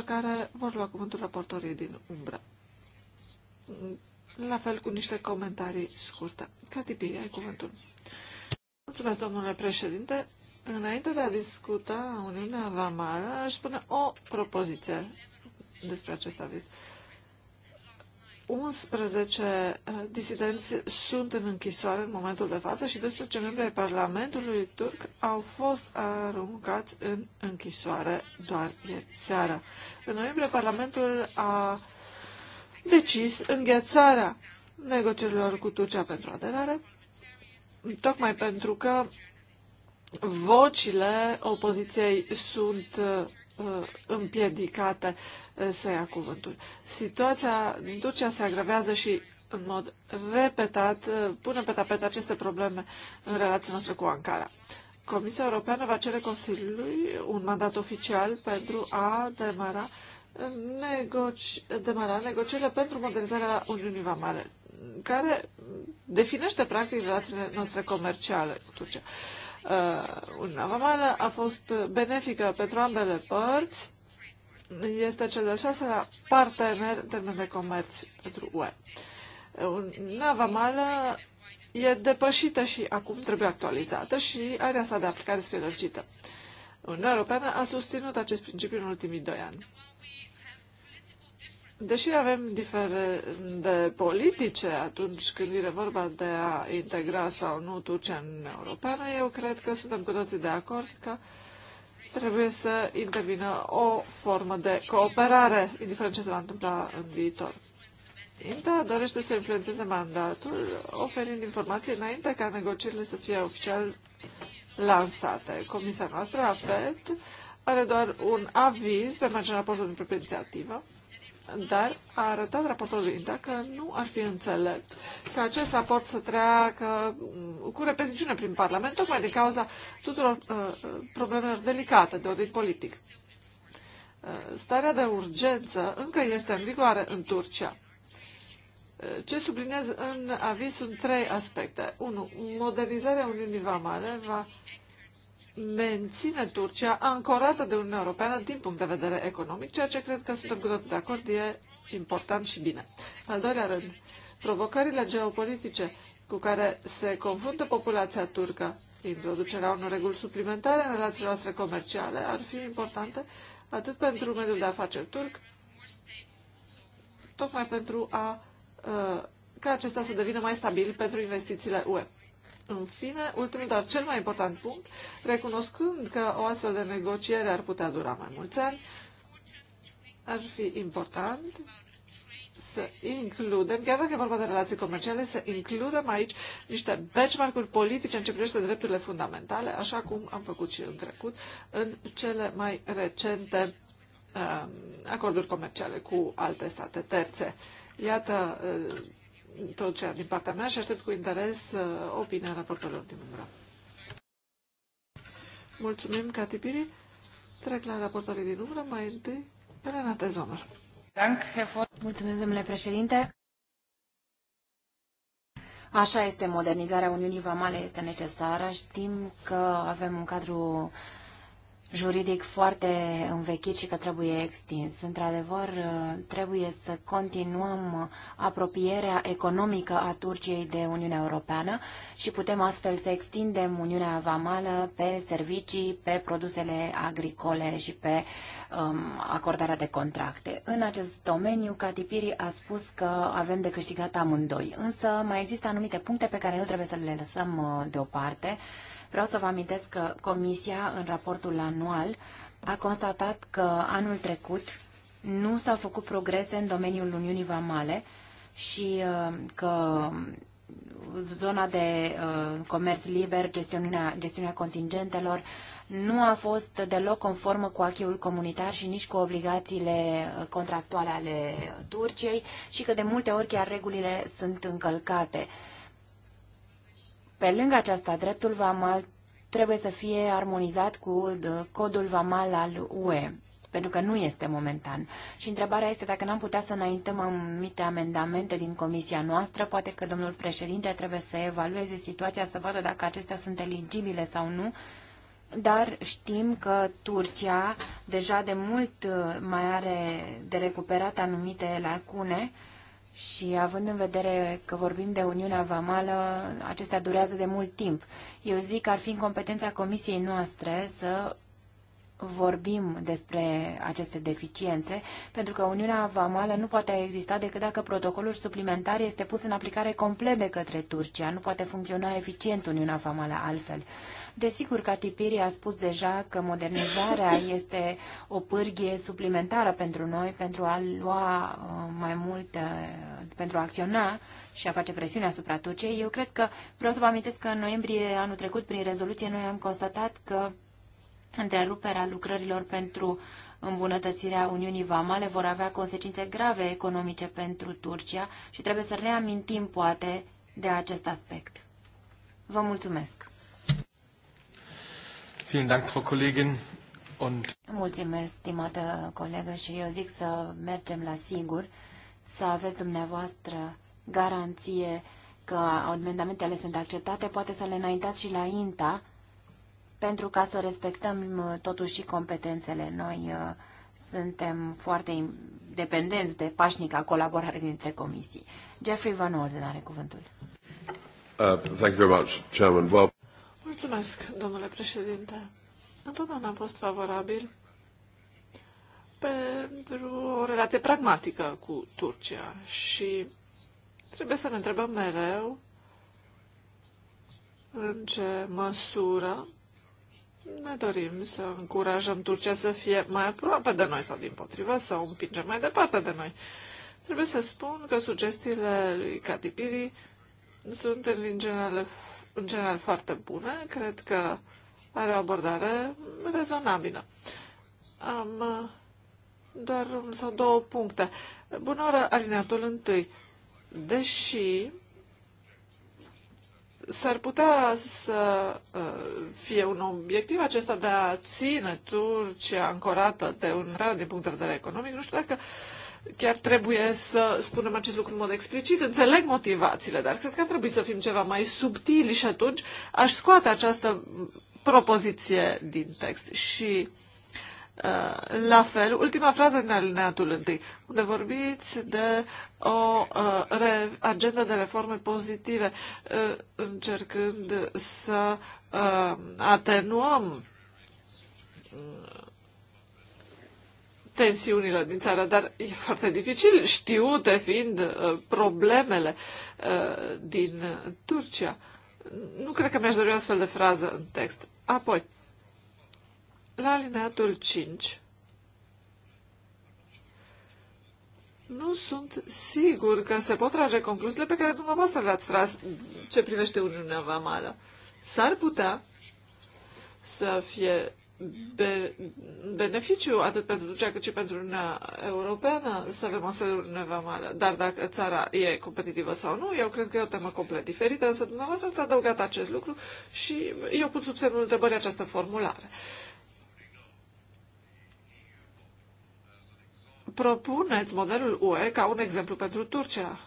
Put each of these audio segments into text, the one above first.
după care vor lua cuvântul raportorii din umbră. La fel cu niște comentarii scurte. Catipi, ai cuvântul. Mulțumesc, domnule președinte. Înainte de a discuta Uniunea Vamală, aș spune o propoziție despre acest aviz. 11 eh, disidenți sunt în închisoare în momentul de față și 12 membri ai Parlamentului turc au fost aruncați în închisoare doar ieri seara. În noiembrie, Parlamentul a decis înghețarea negocierilor cu Turcia pentru aderare, tocmai pentru că vocile opoziției sunt eh, Uh, împiedicată uh, să ia cuvântul. Situația din Turcia se agravează și în mod repetat uh, pune pe tapet aceste probleme în relația noastră cu Ankara. Comisia Europeană va cere Consiliului un mandat oficial pentru a demara, negoci, demara negocierile pentru modernizarea Uniunii Vamale, care definește practic relațiile noastre comerciale cu Turcia. Uh, Uniunea Vamală a fost benefică pentru ambele părți. Este cel de-al șaselea partener în termen de comerț pentru UE. Uniunea Vamală e depășită și acum trebuie actualizată și area sa de aplicare sfârșită. Uniunea Europeană a susținut acest principiu în ultimii doi ani. Deși avem diferende politice atunci când vine vorba de a integra sau nu Turcia în Europeană, eu cred că suntem cu toții de acord că trebuie să intervină o formă de cooperare, indiferent ce se va întâmpla în viitor. INTA dorește să influențeze mandatul, oferind informații înainte ca negocierile să fie oficial lansate. Comisia noastră, APET, are doar un aviz pe marginea raportului de inițiativă dar a arătat raportorului dacă nu ar fi înțelept că acest raport să treacă mm, cu repeziciune prin Parlament, tocmai din cauza tuturor uh, problemelor delicate de ordin politic. Uh, starea de urgență încă este în vigoare în Turcia. Uh, ce subliniez în aviz sunt trei aspecte. 1. Modernizarea Uniunii Vamale va menține Turcia ancorată de Uniunea Europeană din punct de vedere economic, ceea ce cred că suntem cu toți de acord e important și bine. Al doilea rând, provocările geopolitice cu care se confruntă populația turcă, introducerea unor reguli suplimentare în relațiile noastre comerciale ar fi importante atât pentru mediul de afaceri turc, tocmai pentru a, uh, ca acesta să devină mai stabil pentru investițiile UE. În fine, ultimul, dar cel mai important punct, recunoscând că o astfel de negociere ar putea dura mai mulți ani, ar fi important să includem, chiar dacă e vorba de relații comerciale, să includem aici niște benchmark-uri politice în ce privește drepturile fundamentale, așa cum am făcut și în trecut, în cele mai recente um, acorduri comerciale cu alte state terțe. Iată uh, tot ceea din partea mea și aștept cu interes uh, opinia raportorilor din număr. Mulțumim, piri Trec la raportorii din umbră, mai întâi Elena Zomer. Mulțumesc, domnule președinte. Așa este, modernizarea Uniunii Vamale este necesară. Știm că avem un cadru uh, juridic foarte învechit și că trebuie extins. Într-adevăr, trebuie să continuăm apropierea economică a Turciei de Uniunea Europeană și putem astfel să extindem Uniunea Vamală pe servicii, pe produsele agricole și pe um, acordarea de contracte. În acest domeniu, Catipiri a spus că avem de câștigat amândoi, însă mai există anumite puncte pe care nu trebuie să le lăsăm uh, deoparte. Vreau să vă amintesc că Comisia, în raportul anual, a constatat că anul trecut nu s-au făcut progrese în domeniul Uniunii Vamale și uh, că zona de uh, comerț liber, gestiunea, gestiunea contingentelor, nu a fost deloc conformă cu achiul comunitar și nici cu obligațiile uh, contractuale ale Turciei și că de multe ori chiar regulile sunt încălcate. Pe lângă aceasta, dreptul vamal trebuie să fie armonizat cu uh, codul vamal al UE, pentru că nu este momentan. Și întrebarea este dacă n-am putea să înaintăm anumite amendamente din comisia noastră, poate că domnul președinte trebuie să evalueze situația, să vadă dacă acestea sunt eligibile sau nu, dar știm că Turcia deja de mult uh, mai are de recuperat anumite lacune, și având în vedere că vorbim de Uniunea Vamală, acestea durează de mult timp. Eu zic că ar fi în competența comisiei noastre să vorbim despre aceste deficiențe, pentru că Uniunea Vamală nu poate exista decât dacă protocolul suplimentar este pus în aplicare complet de către Turcia. Nu poate funcționa eficient Uniunea Vamală altfel. Desigur, Catipiri a spus deja că modernizarea este o pârghie suplimentară pentru noi, pentru a lua uh, mai mult, uh, pentru a acționa și a face presiune asupra Turciei. Eu cred că, vreau să vă amintesc că în noiembrie anul trecut, prin rezoluție, noi am constatat că întreruperea lucrărilor pentru îmbunătățirea Uniunii Vamale vor avea consecințe grave economice pentru Turcia și trebuie să reamintim, poate, de acest aspect. Vă mulțumesc! Mulțumesc, stimată colegă, și eu zic să mergem la sigur, să aveți dumneavoastră garanție că amendamentele sunt acceptate, poate să le înaintați și la INTA, pentru ca să respectăm uh, totuși și competențele. Noi uh, suntem foarte dependenți de pașnica colaborare dintre comisii. Jeffrey Van Orden are cuvântul. Uh, thank you very much, Chairman. Well... Mulțumesc, domnule președinte. Întotdeauna am fost favorabil pentru o relație pragmatică cu Turcia și trebuie să ne întrebăm mereu în ce măsură ne dorim să încurajăm Turcia să fie mai aproape de noi sau din potrivă să o împingem mai departe de noi. Trebuie să spun că sugestiile lui Katipiri sunt în general în general foarte bune. Cred că are o abordare rezonabilă. Am uh, doar un sau două puncte. Bună oră, alineatul întâi. Deși s-ar putea să uh, fie un obiectiv acesta de a ține Turcia ancorată de un din punct de vedere economic, nu știu dacă uh, Chiar trebuie să spunem acest lucru în mod explicit. Înțeleg motivațiile, dar cred că ar trebui să fim ceva mai subtili și atunci aș scoate această propoziție din text. Și uh, la fel, ultima frază din alineatul întâi, unde vorbiți de o uh, agendă de reforme pozitive, uh, încercând să uh, atenuăm tensiunile din țară, dar e foarte dificil, știute fiind uh, problemele uh, din Turcia. Nu cred că mi-aș dori o astfel de frază în text. Apoi, la alineatul 5, nu sunt sigur că se pot trage concluziile pe care dumneavoastră le-ați tras ce privește Uniunea Vamală. S-ar putea să fie be- beneficiu atât pentru Turcia cât și pentru Uniunea Europeană să avem o astfel Vamală. Dar dacă țara e competitivă sau nu, eu cred că e o temă complet diferită, însă dumneavoastră ați adăugat acest lucru și eu pun sub semnul întrebării această formulare. Propuneți modelul UE ca un exemplu pentru Turcia,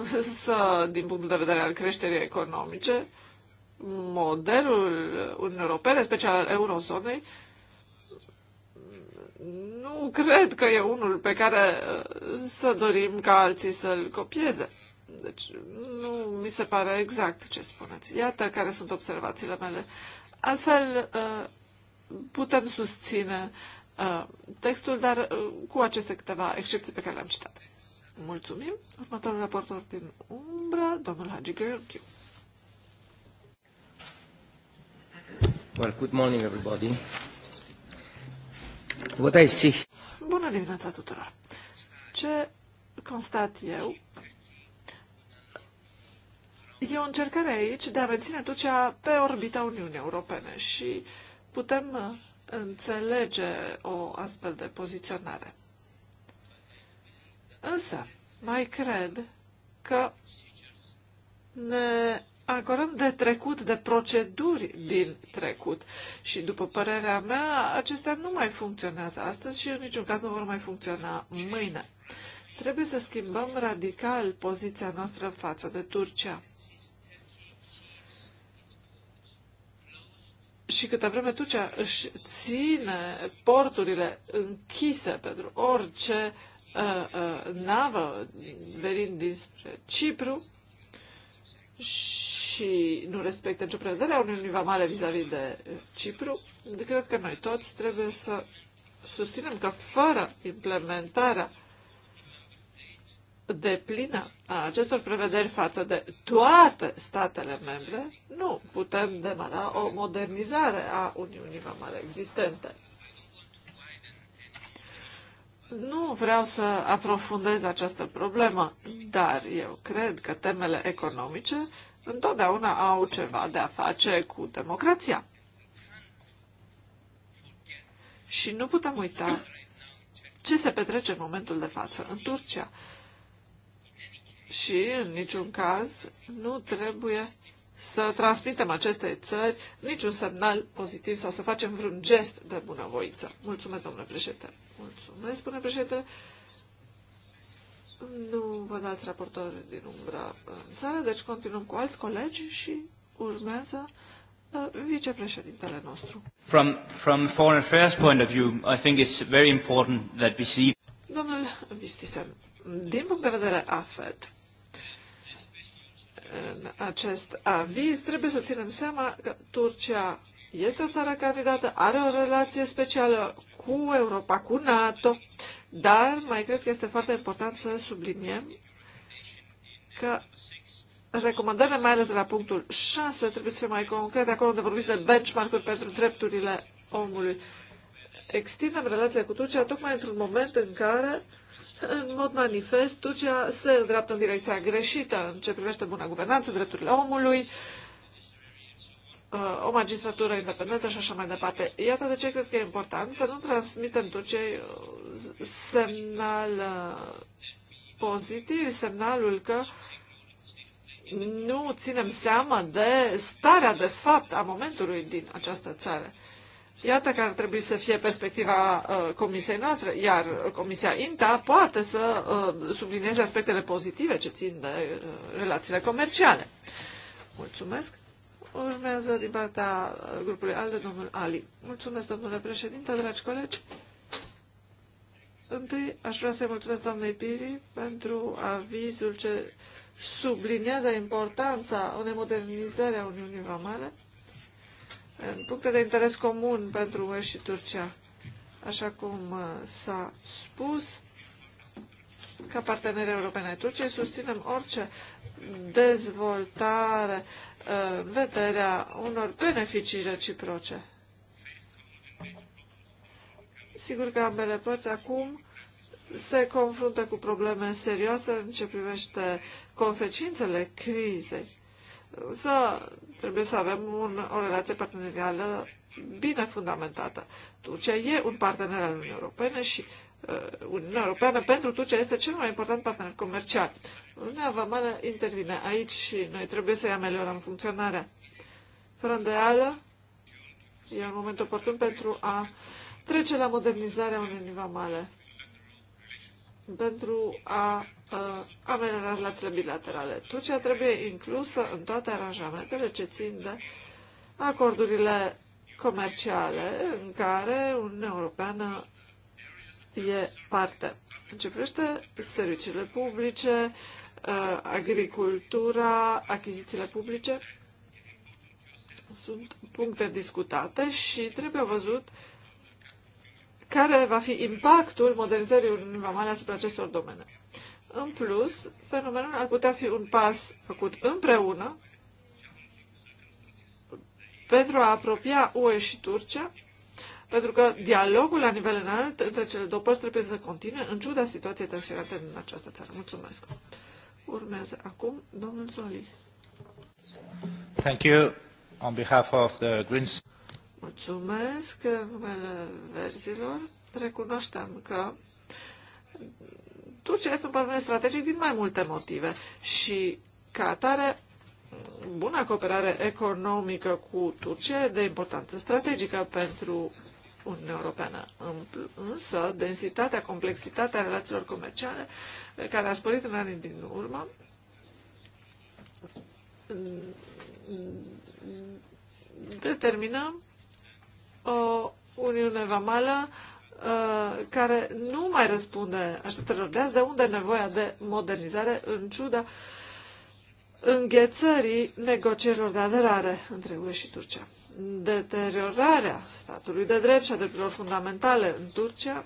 însă din punctul de vedere al creșterii economice, modelul Uniunii Europene, special al eurozonei, nu cred că e unul pe care uh, să dorim ca alții să-l copieze. Deci nu mi se pare exact ce spuneți. Iată care sunt observațiile mele. Altfel, uh, putem susține uh, textul, dar cu aceste câteva excepții pe care le-am citat. Mulțumim. Următorul raportor din umbră, domnul Hagi Gheorghiu. Well, good morning, everybody. What I see... Bună dimineața tuturor! Ce constat eu e o încercare aici de a menține Turcia pe orbita Uniunii Europene și putem uh, înțelege o astfel de poziționare. Însă, mai cred că ne ancorăm de trecut, de proceduri din trecut. Și după părerea mea, acestea nu mai funcționează astăzi și în niciun caz nu vor mai funcționa mâine. Trebuie să schimbăm radical poziția noastră față de Turcia. Și câtă vreme Turcia își ține porturile închise pentru orice uh, uh, navă venind dinspre Cipru, și nu respectă nicio prevedere a Uniunii Vamale vis-a-vis de Cipru, deci cred că noi toți trebuie să susținem că fără implementarea de plină a acestor prevederi față de toate statele membre, nu putem demara o modernizare a Uniunii Vamale existente. Nu vreau să aprofundez această problemă, dar eu cred că temele economice întotdeauna au ceva de a face cu democrația. Și nu putem uita ce se petrece în momentul de față în Turcia. Și, în niciun caz, nu trebuie să transmitem acestei țări niciun semnal pozitiv sau să facem vreun gest de bunăvoință. Mulțumesc, domnule președinte. Mulțumesc, domnule președinte. Nu văd alți raportori din umbra în sală, deci continuăm cu alți colegi și urmează uh, vicepreședintele nostru. From, from foreign affairs point of view, I think it's very important that we see... Domnul Vistisem, din punct de vedere AFET, în acest aviz, trebuie să ținem seama că Turcia este o țară candidată, are o relație specială cu Europa, cu NATO, dar mai cred că este foarte important să subliniem că recomandările, mai ales de la punctul 6, trebuie să fie mai concrete, acolo unde vorbiți de benchmark-uri pentru drepturile omului. Extindem relația cu Turcia tocmai într-un moment în care uh, în mod manifest, Turcia se îndreaptă în direcția greșită în ce privește buna guvernanță, drepturile omului, uh, o magistratură independentă și așa mai departe. Iată de ce cred că e important să nu transmitem Turciei uh, semnal uh, pozitiv, semnalul că nu ținem seama de starea de fapt a momentului din această țară. Iată care ar trebui să fie perspectiva uh, comisiei noastre, iar comisia INTA poate să uh, sublinieze aspectele pozitive ce țin de uh, relațiile comerciale. Mulțumesc. Urmează din partea uh, grupului ALDE, domnul Ali. Mulțumesc, domnule președinte, dragi colegi. Întâi aș vrea să-i mulțumesc doamnei Piri pentru avizul ce subliniază importanța unei modernizări a Uniunii Romane în puncte de interes comun pentru UE și Turcia. Așa cum uh, s-a spus, ca parteneri europene ai Turciei, susținem orice dezvoltare uh, în vederea unor beneficii reciproce. Sigur că ambele părți acum se confruntă cu probleme serioase în ce privește consecințele crizei să trebuie să avem un, o relație partenerială bine fundamentată. Turcia e un partener al Uniunii Europene și uh, Uniunea Europeană pentru Turcia este cel mai important partener comercial. Uniunea Vamană intervine aici și noi trebuie să-i ameliorăm funcționarea. Fără îndoială, e un moment oportun pentru a trece la modernizarea Uniunii Vamale pentru a ameliora relațiile bilaterale. Turcia trebuie inclusă în toate aranjamentele ce țin de acordurile comerciale în care Uniunea Europeană e parte. Începește serviciile publice, agricultura, achizițiile publice, sunt puncte discutate și trebuie văzut uh, care va fi impactul modernizării Uniunii Vamale asupra acestor domenii. În plus, fenomenul ar putea fi un pas făcut împreună pentru a apropia UE și Turcia, pentru că dialogul la nivel înalt între cele două părți trebuie să continue în ciuda situației tensionate în această țară. Mulțumesc. Urmează acum domnul Zoli. Thank you on behalf of the Greens. Mulțumesc numele verzilor. Recunoșteam că Turcia este un partener strategic din mai multe motive și ca atare buna cooperare economică cu Turcia de importanță strategică pentru Uniunea Europeană. Însă, densitatea, complexitatea relațiilor comerciale, care a sporit în anii din urmă, determină o Uniune Vamală uh, care nu mai răspunde așteptărilor de azi, de unde nevoia de modernizare în ciuda înghețării negocierilor de aderare între UE și Turcia. Deteriorarea statului de drept și a drepturilor fundamentale în Turcia,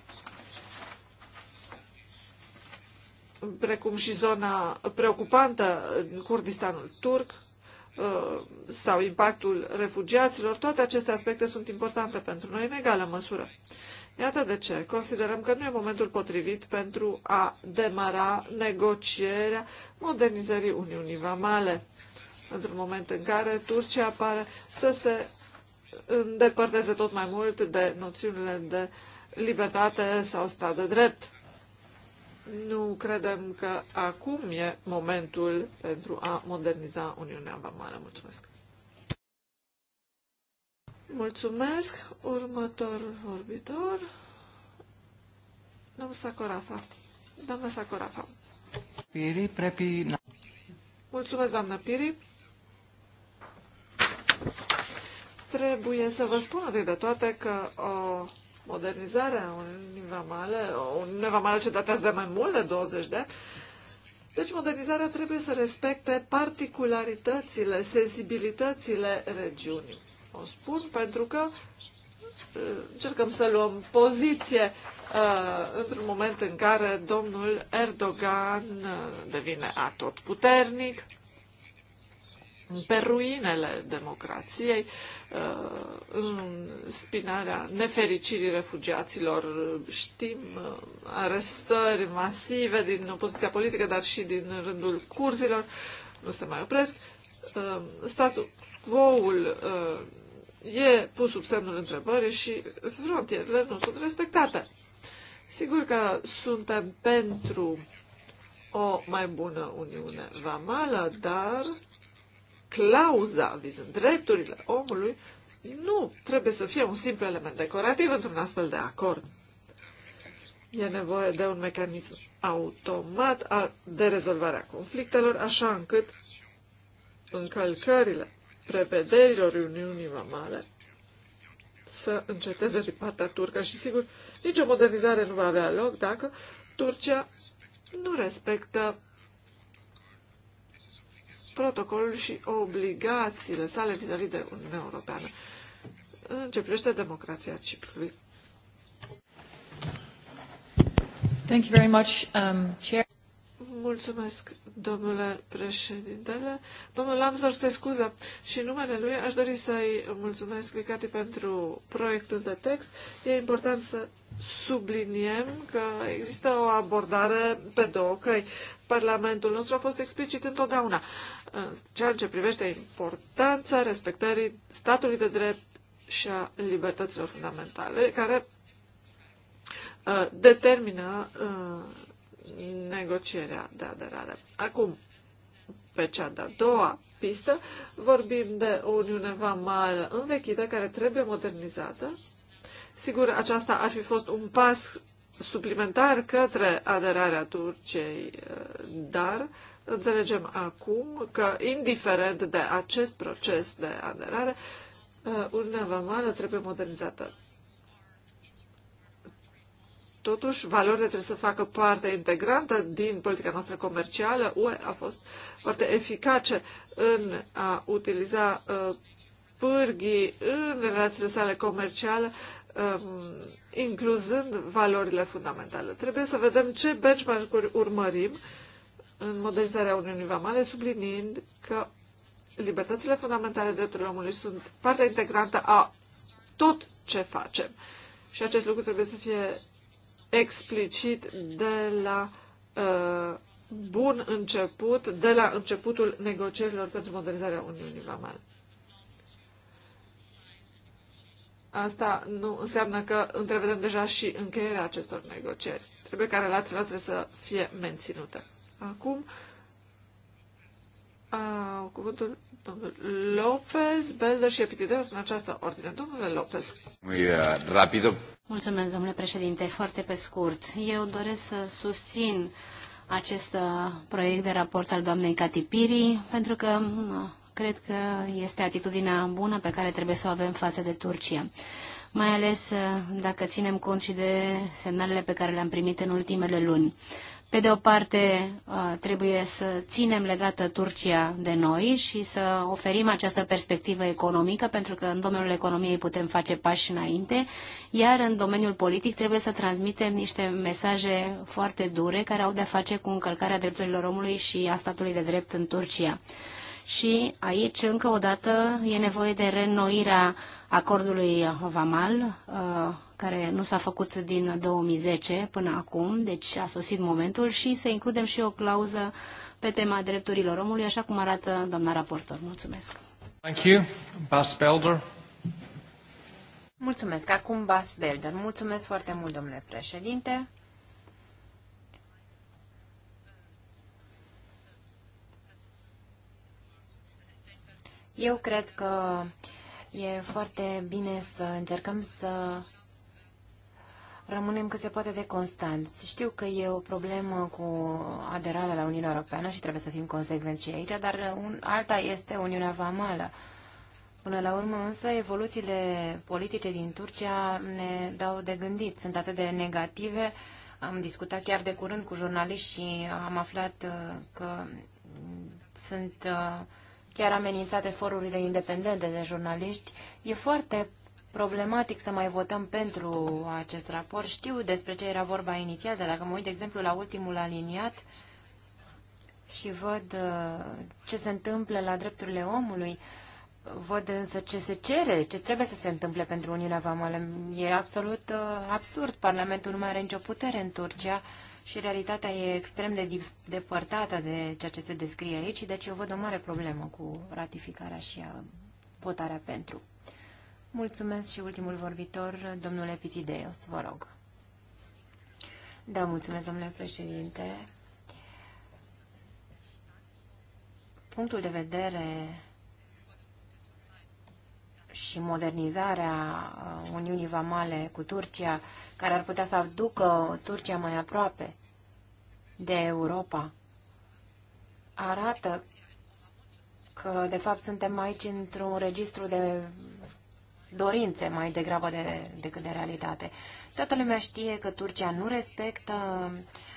precum și zona preocupantă în Kurdistanul turc, Uh, sau impactul refugiaților, toate aceste aspecte sunt importante pentru noi în egală măsură. Iată de ce considerăm că nu e momentul potrivit pentru a demara negocierea modernizării Uniunii Vamale, într-un moment în care Turcia pare să se îndepărteze tot mai mult de noțiunile de libertate sau stat de drept nu credem că acum e momentul pentru a moderniza Uniunea Vamală. Mulțumesc! Mulțumesc! Următor vorbitor, domnul Sacorafa. Doamna Sacorafa. Piri, prepi... Mulțumesc, doamna Piri. Trebuie să vă spun atât de toate că o uh, modernizarea Uniunii Vamale, Uniunea vamale ce datează de mai mult de 20 de ani, deci modernizarea trebuie să respecte particularitățile, sensibilitățile regiunii. O spun pentru că uh, încercăm să luăm poziție uh, într-un moment în care domnul Erdogan uh, devine atotputernic, pe ruinele democrației, uh, în spinarea nefericirii refugiaților. Știm uh, arestări masive din opoziția politică, dar și din rândul curzilor. Nu se mai opresc. Uh, status quo-ul e pus sub semnul întrebării și frontierele nu sunt respectate. Sigur că suntem pentru o mai bună Uniune Vamală, dar clauza vizând drepturile omului nu trebuie să fie un simplu element decorativ într-un astfel de acord. E nevoie de un mecanism automat de rezolvare a conflictelor, așa încât încălcările prevederilor Uniunii Vamale să înceteze din partea turcă și, sigur, nicio modernizare nu va avea loc dacă Turcia nu respectă protocolul și obligațiile sale vis-a-vis -vis de Uniunea Europeană în ce privește democrația Ciprului. Thank you very much, um, Chair. Mulțumesc, domnule președintele. Domnul Lamzor, te scuză și numele lui aș dori să-i mulțumesc Licati pentru proiectul de text. E important să subliniem că există o abordare pe două căi. Parlamentul nostru a fost explicit întotdeauna în ceea ce privește importanța respectării statului de drept și a libertăților fundamentale, care uh, determină uh, negocierea de aderare. Acum, pe cea de-a doua pistă, vorbim de o Uniune Vamală învechită care trebuie modernizată. Sigur, aceasta ar fi fost un pas suplimentar către aderarea Turciei, eh, dar înțelegem acum că, indiferent de acest proces de aderare, eh, Uniunea Vamală trebuie modernizată. Totuși, valorile trebuie să facă parte integrantă din politica noastră comercială. UE a fost foarte eficace în a utiliza uh, pârghii în relațiile sale comerciale, um, incluzând valorile fundamentale. Trebuie să vedem ce benchmark-uri urmărim în modernizarea Uniunii Vamale, subliniind că libertățile fundamentale drepturile omului sunt parte integrantă a tot ce facem. Și acest lucru trebuie să fie explicit de la uh, bun început, de la începutul negocierilor pentru modernizarea Uniunii Vamale. Asta nu înseamnă că întrevedem deja și încheierea acestor negocieri. Trebuie ca relațiile noastre să fie menținute. Acum, uh, cuvântul domnul Lopez, Belder și Epitideos în această ordine. Domnule Lopez. Uh, Rapido. Mulțumesc, domnule președinte. Foarte pe scurt. Eu doresc să susțin acest uh, proiect de raport al doamnei Catipiri, pentru că uh, cred că este atitudinea bună pe care trebuie să o avem față de Turcia. Mai ales dacă ținem cont și de semnalele pe care le-am primit în ultimele luni. Pe de o parte, uh, trebuie să ținem legată Turcia de noi și să oferim această perspectivă economică, pentru că în domeniul economiei putem face pași înainte, iar în domeniul politic trebuie să transmitem niște mesaje foarte dure care au de-a face cu încălcarea drepturilor omului și a statului de drept în Turcia. Și aici, încă o dată, e nevoie de reînnoirea acordului Vamal, uh, care nu s-a făcut din 2010 până acum, deci a sosit momentul, și să includem și o clauză pe tema drepturilor omului, așa cum arată doamna raportor. Mulțumesc. Thank you. Bas Belder. Mulțumesc. Acum Bas Belder. Mulțumesc foarte mult, domnule președinte. Eu cred că e foarte bine să încercăm să rămânem cât se poate de constanți. Știu că e o problemă cu aderarea la Uniunea Europeană și trebuie să fim consecvenți și aici, dar un, alta este Uniunea Vamală. Până la urmă, însă, evoluțiile politice din Turcia ne dau de gândit. Sunt atât de negative. Am discutat chiar de curând cu jurnaliști și am aflat uh, că sunt uh, chiar amenințate forurile independente de jurnaliști. E foarte problematic să mai votăm pentru acest raport. Știu despre ce era vorba inițial, dar dacă mă uit, de exemplu, la ultimul aliniat și văd uh, ce se întâmplă la drepturile omului, văd însă ce se cere, ce trebuie să se întâmple pentru Uniunea Vamală. E absolut uh, absurd. Parlamentul nu mai are nicio putere în Turcia și realitatea e extrem de depărtată de ceea ce se descrie aici, deci eu văd o mare problemă cu ratificarea și a votarea pentru. Mulțumesc și ultimul vorbitor, domnule Pitideos, vă rog. Da, mulțumesc, domnule președinte. Punctul de vedere și modernizarea uh, Uniunii Vamale cu Turcia, care ar putea să aducă Turcia mai aproape de Europa, arată că, de fapt, suntem aici într-un registru de dorințe mai degrabă de, decât de realitate. Toată lumea știe că Turcia nu respectă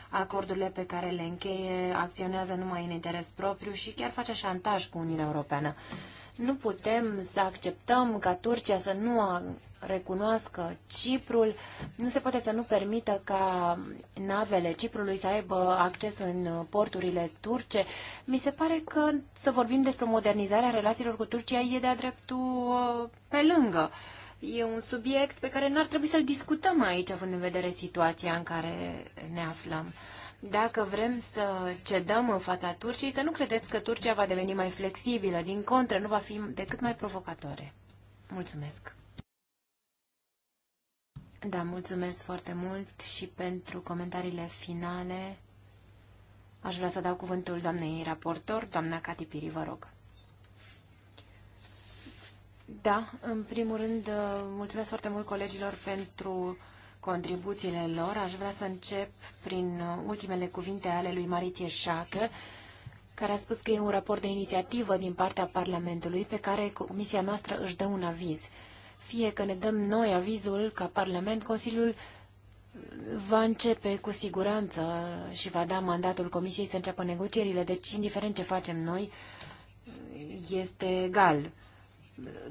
acordurile pe care le încheie, acționează numai în interes propriu și chiar face șantaj cu Uniunea Europeană. Nu putem să acceptăm ca Turcia să nu recunoască Ciprul. Nu se poate să nu permită ca navele Ciprului să aibă acces în porturile turce. Mi se pare că să vorbim despre modernizarea relațiilor cu Turcia e de-a dreptul uh, pe lângă. E un subiect pe care n-ar trebui să-l discutăm aici, având în vedere situația în care ne aflăm dacă vrem să cedăm în fața Turciei, să nu credeți că Turcia va deveni mai flexibilă. Din contră, nu va fi decât mai provocatoare. Mulțumesc! Da, mulțumesc foarte mult și pentru comentariile finale. Aș vrea să dau cuvântul doamnei raportor, doamna Cati Piri, vă rog. Da, în primul rând, mulțumesc foarte mult colegilor pentru contribuțiile lor. Aș vrea să încep prin ultimele cuvinte ale lui Mariție Șacă, care a spus că e un raport de inițiativă din partea Parlamentului pe care comisia noastră își dă un aviz. Fie că ne dăm noi avizul ca Parlament, Consiliul va începe cu siguranță și va da mandatul comisiei să înceapă negocierile. Deci, indiferent ce facem noi, este egal.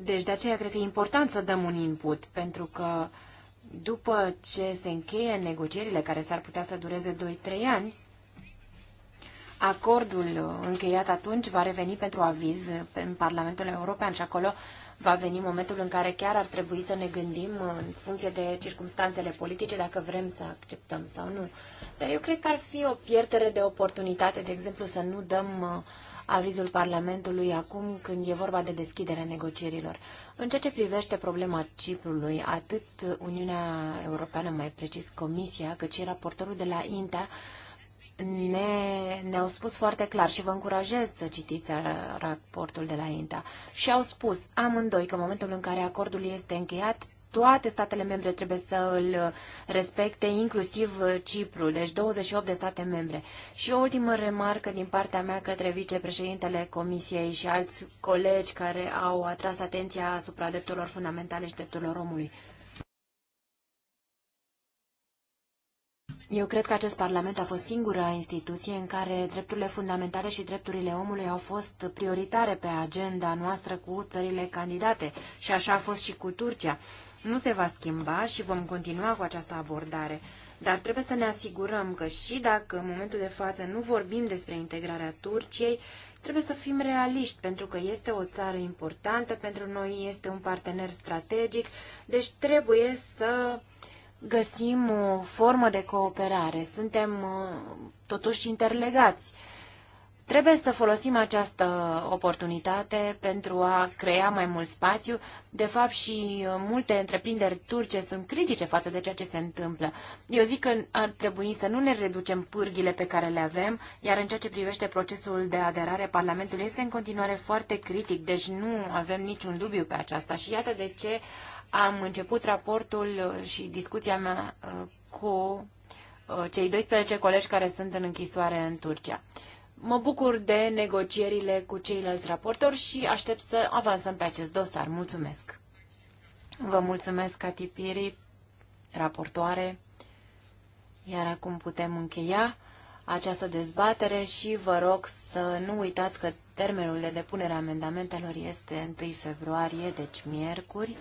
Deci, de aceea cred că e important să dăm un input, pentru că uh, după ce se încheie negocierile care s-ar putea să dureze 2-3 ani, acordul încheiat atunci va reveni pentru aviz în Parlamentul European și acolo va veni momentul în care chiar ar trebui să ne gândim în funcție de circumstanțele politice dacă vrem să acceptăm sau nu. Dar eu cred că ar fi o pierdere de oportunitate, de exemplu, să nu dăm uh, avizul Parlamentului acum când e vorba de deschiderea negocierilor. În ceea ce privește problema Ciprului, atât Uniunea Europeană, mai precis Comisia, cât și raportorul de la INTA, ne, ne-au spus foarte clar și vă încurajez să citiți raportul de la INTA și au spus amândoi că în momentul în care acordul este încheiat, toate statele membre trebuie să îl respecte, inclusiv Cipru, deci 28 de state membre. Și o ultimă remarcă din partea mea către vicepreședintele Comisiei și alți colegi care au atras atenția asupra drepturilor fundamentale și drepturilor omului. Eu cred că acest Parlament a fost singura instituție în care drepturile fundamentale și drepturile omului au fost prioritare pe agenda noastră cu țările candidate și așa a fost și cu Turcia nu se va schimba și vom continua cu această abordare. Dar trebuie să ne asigurăm că și dacă în momentul de față nu vorbim despre integrarea Turciei, trebuie să fim realiști, pentru că este o țară importantă pentru noi, este un partener strategic, deci trebuie să găsim o formă de cooperare. Suntem uh, totuși interlegați Trebuie să folosim această oportunitate pentru a crea mai mult spațiu. De fapt, și uh, multe întreprinderi turce sunt critice față de ceea ce se întâmplă. Eu zic că ar trebui să nu ne reducem pârghile pe care le avem, iar în ceea ce privește procesul de aderare, Parlamentul este în continuare foarte critic, deci nu avem niciun dubiu pe aceasta. Și iată de ce am început raportul uh, și discuția mea uh, cu cei 12 colegi care sunt în închisoare în Turcia. Mă bucur de negocierile cu ceilalți raportori și aștept să avansăm pe acest dosar. Mulțumesc! Vă mulțumesc, Catipiri, raportoare, iar acum putem încheia această dezbatere și vă rog să nu uitați că termenul de depunere a amendamentelor este 1 februarie, deci miercuri,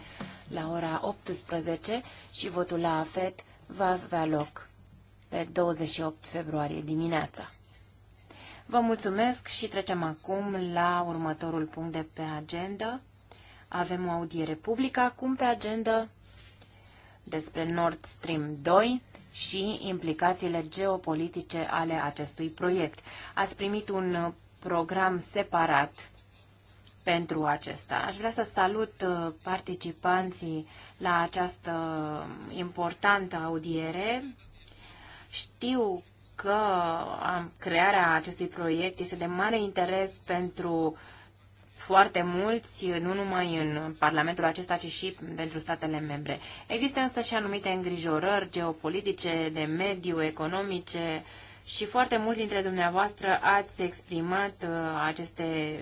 la ora 18 și votul la AFET va avea loc pe 28 februarie dimineața. Vă mulțumesc și trecem acum la următorul punct de pe agenda. Avem o audiere publică acum pe agenda despre Nord Stream 2 și implicațiile geopolitice ale acestui proiect. Ați primit un program separat pentru acesta. Aș vrea să salut uh, participanții la această importantă audiere. Știu că crearea acestui proiect este de mare interes pentru foarte mulți, nu numai în Parlamentul acesta, ci și pentru statele membre. Există însă și anumite îngrijorări geopolitice, de mediu, economice și foarte mulți dintre dumneavoastră ați exprimat uh, aceste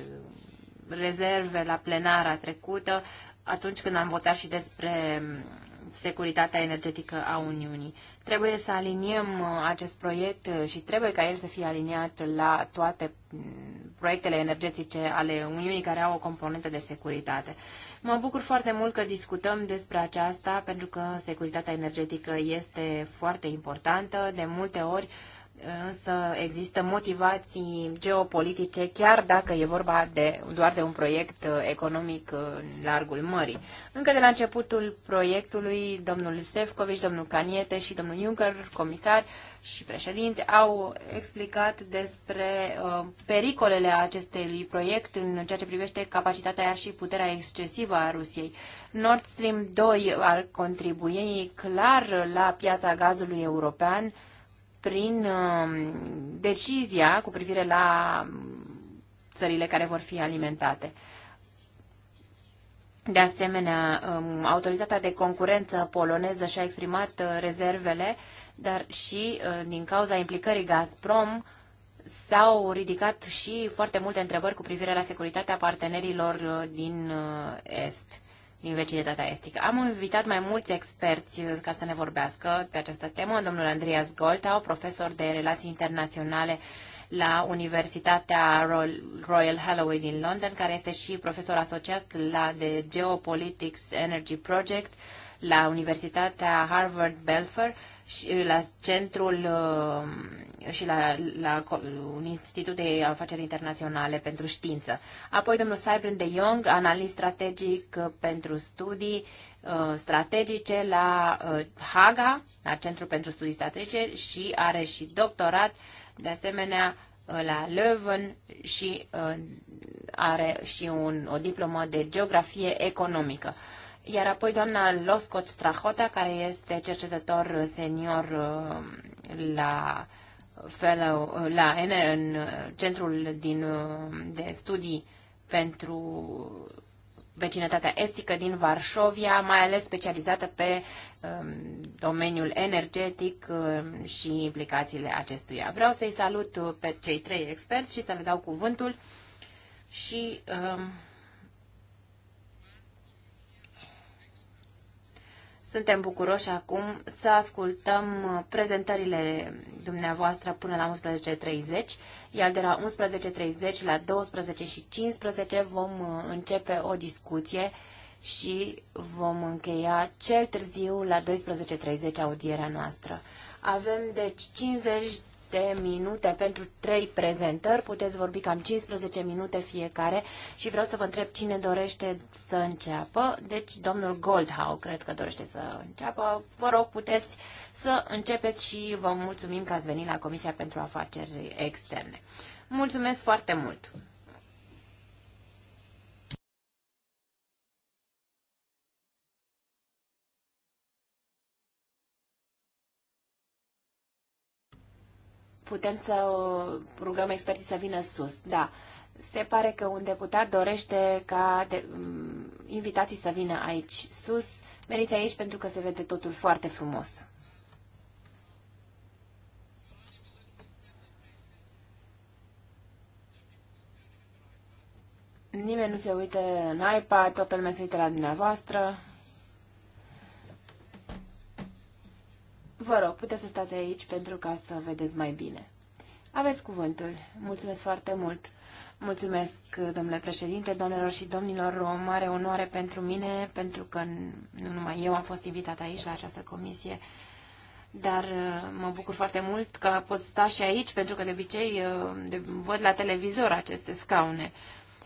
rezerve la plenara trecută atunci când am votat și despre securitatea energetică a Uniunii. Trebuie să aliniem uh, acest proiect uh, și trebuie ca el să fie aliniat la toate mm, proiectele energetice ale Uniunii care au o componentă de securitate. Mă bucur foarte mult că discutăm despre aceasta pentru că securitatea energetică este foarte importantă. De multe ori însă există motivații geopolitice, chiar dacă e vorba de, doar de un proiect uh, economic uh, în largul mării. Încă de la începutul proiectului, domnul Sefcovici, domnul Caniete și domnul Juncker, comisar și președinți, au explicat despre uh, pericolele acestui proiect în ceea ce privește capacitatea și puterea excesivă a Rusiei. Nord Stream 2 ar contribui clar la piața gazului european, prin um, decizia cu privire la um, țările care vor fi alimentate. De asemenea, um, autoritatea de concurență poloneză și-a exprimat uh, rezervele, dar și uh, din cauza implicării Gazprom s-au ridicat și foarte multe întrebări cu privire la securitatea partenerilor uh, din Est din vecinătatea estică. Am invitat mai mulți experți ca să ne vorbească pe această temă. Domnul Andreas Goltau, profesor de relații internaționale la Universitatea Royal Holloway din London, care este și profesor asociat la de Geopolitics Energy Project la Universitatea Harvard Belfer și la centrul uh, și la, la un institut de afaceri internaționale pentru știință. Apoi domnul Cybrin de Jong, analist strategic uh, pentru studii uh, strategice la Haga, la Centrul pentru Studii Strategice și are și doctorat, de asemenea la Leuven și are și un, o diplomă de geografie economică iar apoi doamna Loscot Strahota, care este cercetător senior um, la fellow, la în centrul din, um, de studii pentru vecinătatea estică din Varșovia, mai ales specializată pe um, domeniul energetic și implicațiile acestuia. Vreau să-i salut pe cei trei experți și să le dau cuvântul și Suntem bucuroși acum să ascultăm uh, prezentările dumneavoastră până la 11.30, iar de la 11.30 la 12.15 vom uh, începe o discuție și vom încheia cel târziu la 12.30 audierea noastră. Avem deci 50 de minute pentru trei prezentări. Puteți vorbi cam 15 minute fiecare și vreau să vă întreb cine dorește să înceapă. Deci, domnul Goldhau, cred că dorește să înceapă. Vă rog, puteți să începeți și vă mulțumim că ați venit la Comisia pentru Afaceri Externe. Mulțumesc foarte mult! putem să rugăm experții să vină sus. Da, se pare că un deputat dorește ca de, um, invitații să vină aici sus. Veniți aici pentru că se vede totul foarte frumos. Nimeni nu se uită în iPad, toată lumea se uită la dumneavoastră. Vă rog, puteți să stați aici pentru ca să vedeți mai bine. Aveți cuvântul. Mulțumesc foarte mult. Mulțumesc, domnule președinte, domnilor și domnilor. O mare onoare pentru mine, pentru că nu numai eu am fost invitat aici la această comisie, dar uh, mă bucur foarte mult că pot sta și aici, pentru că de obicei uh, văd la televizor aceste scaune.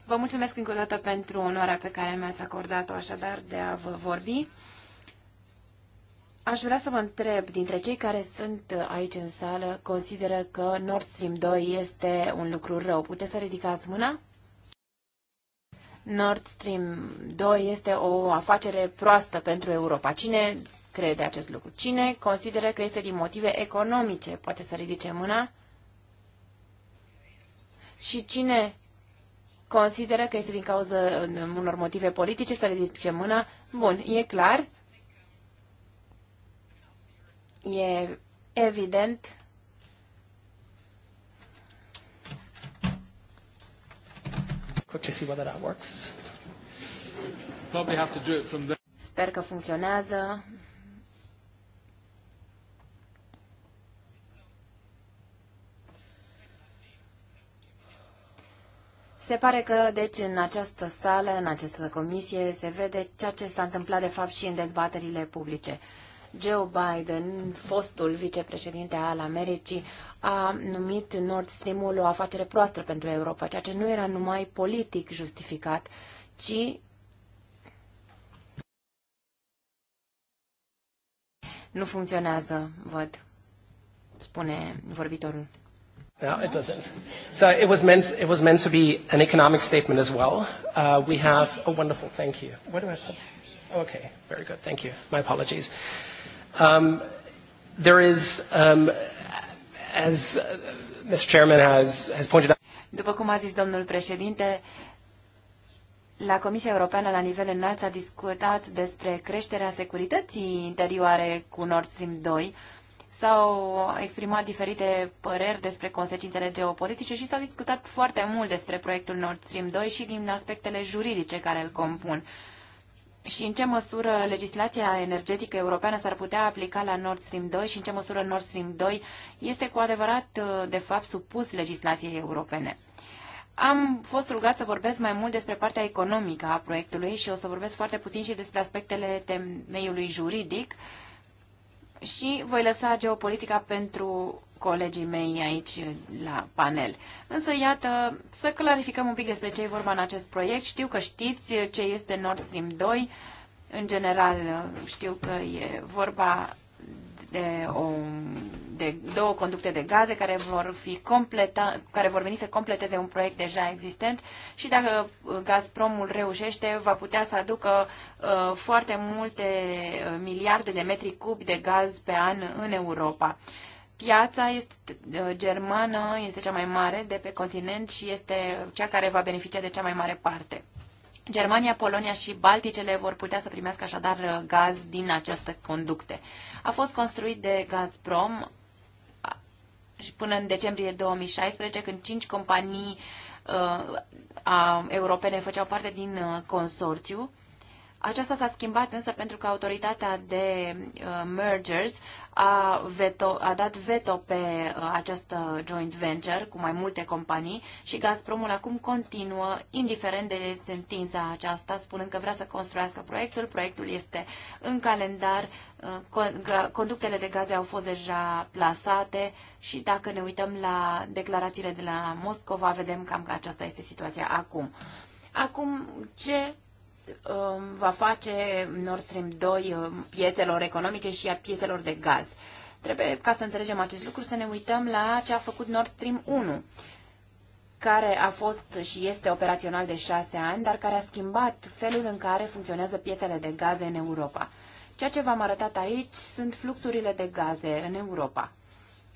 Vă mulțumesc încă o dată pentru onoarea pe care mi-ați acordat-o așadar de a vă vorbi. Aș vrea să vă întreb, dintre cei care sunt aici în sală, consideră că Nord Stream 2 este un lucru rău. Puteți să ridicați mâna? Nord Stream 2 este o afacere proastă pentru Europa. Cine crede acest lucru? Cine consideră că este din motive economice? Poate să ridice mâna? Și cine consideră că este din cauza unor motive politice să ridice mâna? Bun, e clar. E evident see that works. have to do it from there. Sper că funcționează. Se pare că, deci, în această sală, în această comisie, se vede ceea ce s-a întâmplat, de fapt, și în dezbaterile publice. Joe Biden, fostul vicepreședinte al Americii, a numit Nord Stream-ul o afacere proastă pentru Europa, ceea ce nu era numai politic justificat, ci nu funcționează, văd, spune vorbitorul. Yeah, it doesn't. So it was meant it was meant to be an economic statement as well. Uh, we have a oh, wonderful, thank you. What do I put? Okay, very good, thank you. My apologies. Uh, Um, there is, um, as uh, Mr. Chairman has, has pointed out... După cum a zis domnul președinte, la Comisia Europeană, la nivel înalt, s-a discutat despre creșterea securității interioare cu Nord Stream 2. S-au exprimat diferite păreri despre consecințele geopolitice și s-a discutat foarte mult despre proiectul Nord Stream 2 și din aspectele juridice care îl compun. Uh, și în ce măsură legislația energetică europeană s-ar putea aplica la Nord Stream 2 și în ce măsură Nord Stream 2 este cu adevărat, uh, de fapt, supus legislației europene. Am fost rugat să vorbesc mai mult despre partea economică a proiectului și o să vorbesc foarte puțin și despre aspectele temeiului juridic și voi lăsa geopolitica pentru colegii mei aici la panel. Însă, iată, să clarificăm un pic despre ce e vorba în acest proiect. Știu că știți ce este Nord Stream 2. În general, știu că e vorba de, o, de două conducte de gaze care vor, fi completa, care vor veni să completeze un proiect deja existent și dacă Gazpromul reușește, va putea să aducă uh, foarte multe uh, miliarde de metri cubi de gaz pe an în Europa. Piața este, uh, germană este cea mai mare de pe continent și este cea care va beneficia de cea mai mare parte. Germania, Polonia și Balticele vor putea să primească așadar gaz din această conducte. A fost construit de Gazprom și până în decembrie 2016, când cinci companii uh, a, europene făceau parte din uh, consorțiu. Aceasta s-a schimbat însă pentru că autoritatea de uh, mergers a, veto, a dat veto pe uh, această joint venture cu mai multe companii și Gazpromul acum continuă, indiferent de sentința aceasta, spunând că vrea să construiască proiectul. Proiectul este în calendar, uh, conductele de gaze au fost deja plasate și dacă ne uităm la declarațiile de la Moscova, vedem cam că aceasta este situația acum. Acum, ce Um, va face Nord Stream 2 um, piețelor economice și a piețelor de gaz. Trebuie, ca să înțelegem acest lucru, să ne uităm la ce a făcut Nord Stream 1, care a fost și este operațional de șase ani, dar care a schimbat felul în care funcționează piețele de gaze în Europa. Ceea ce v-am arătat aici sunt fluxurile de gaze în Europa.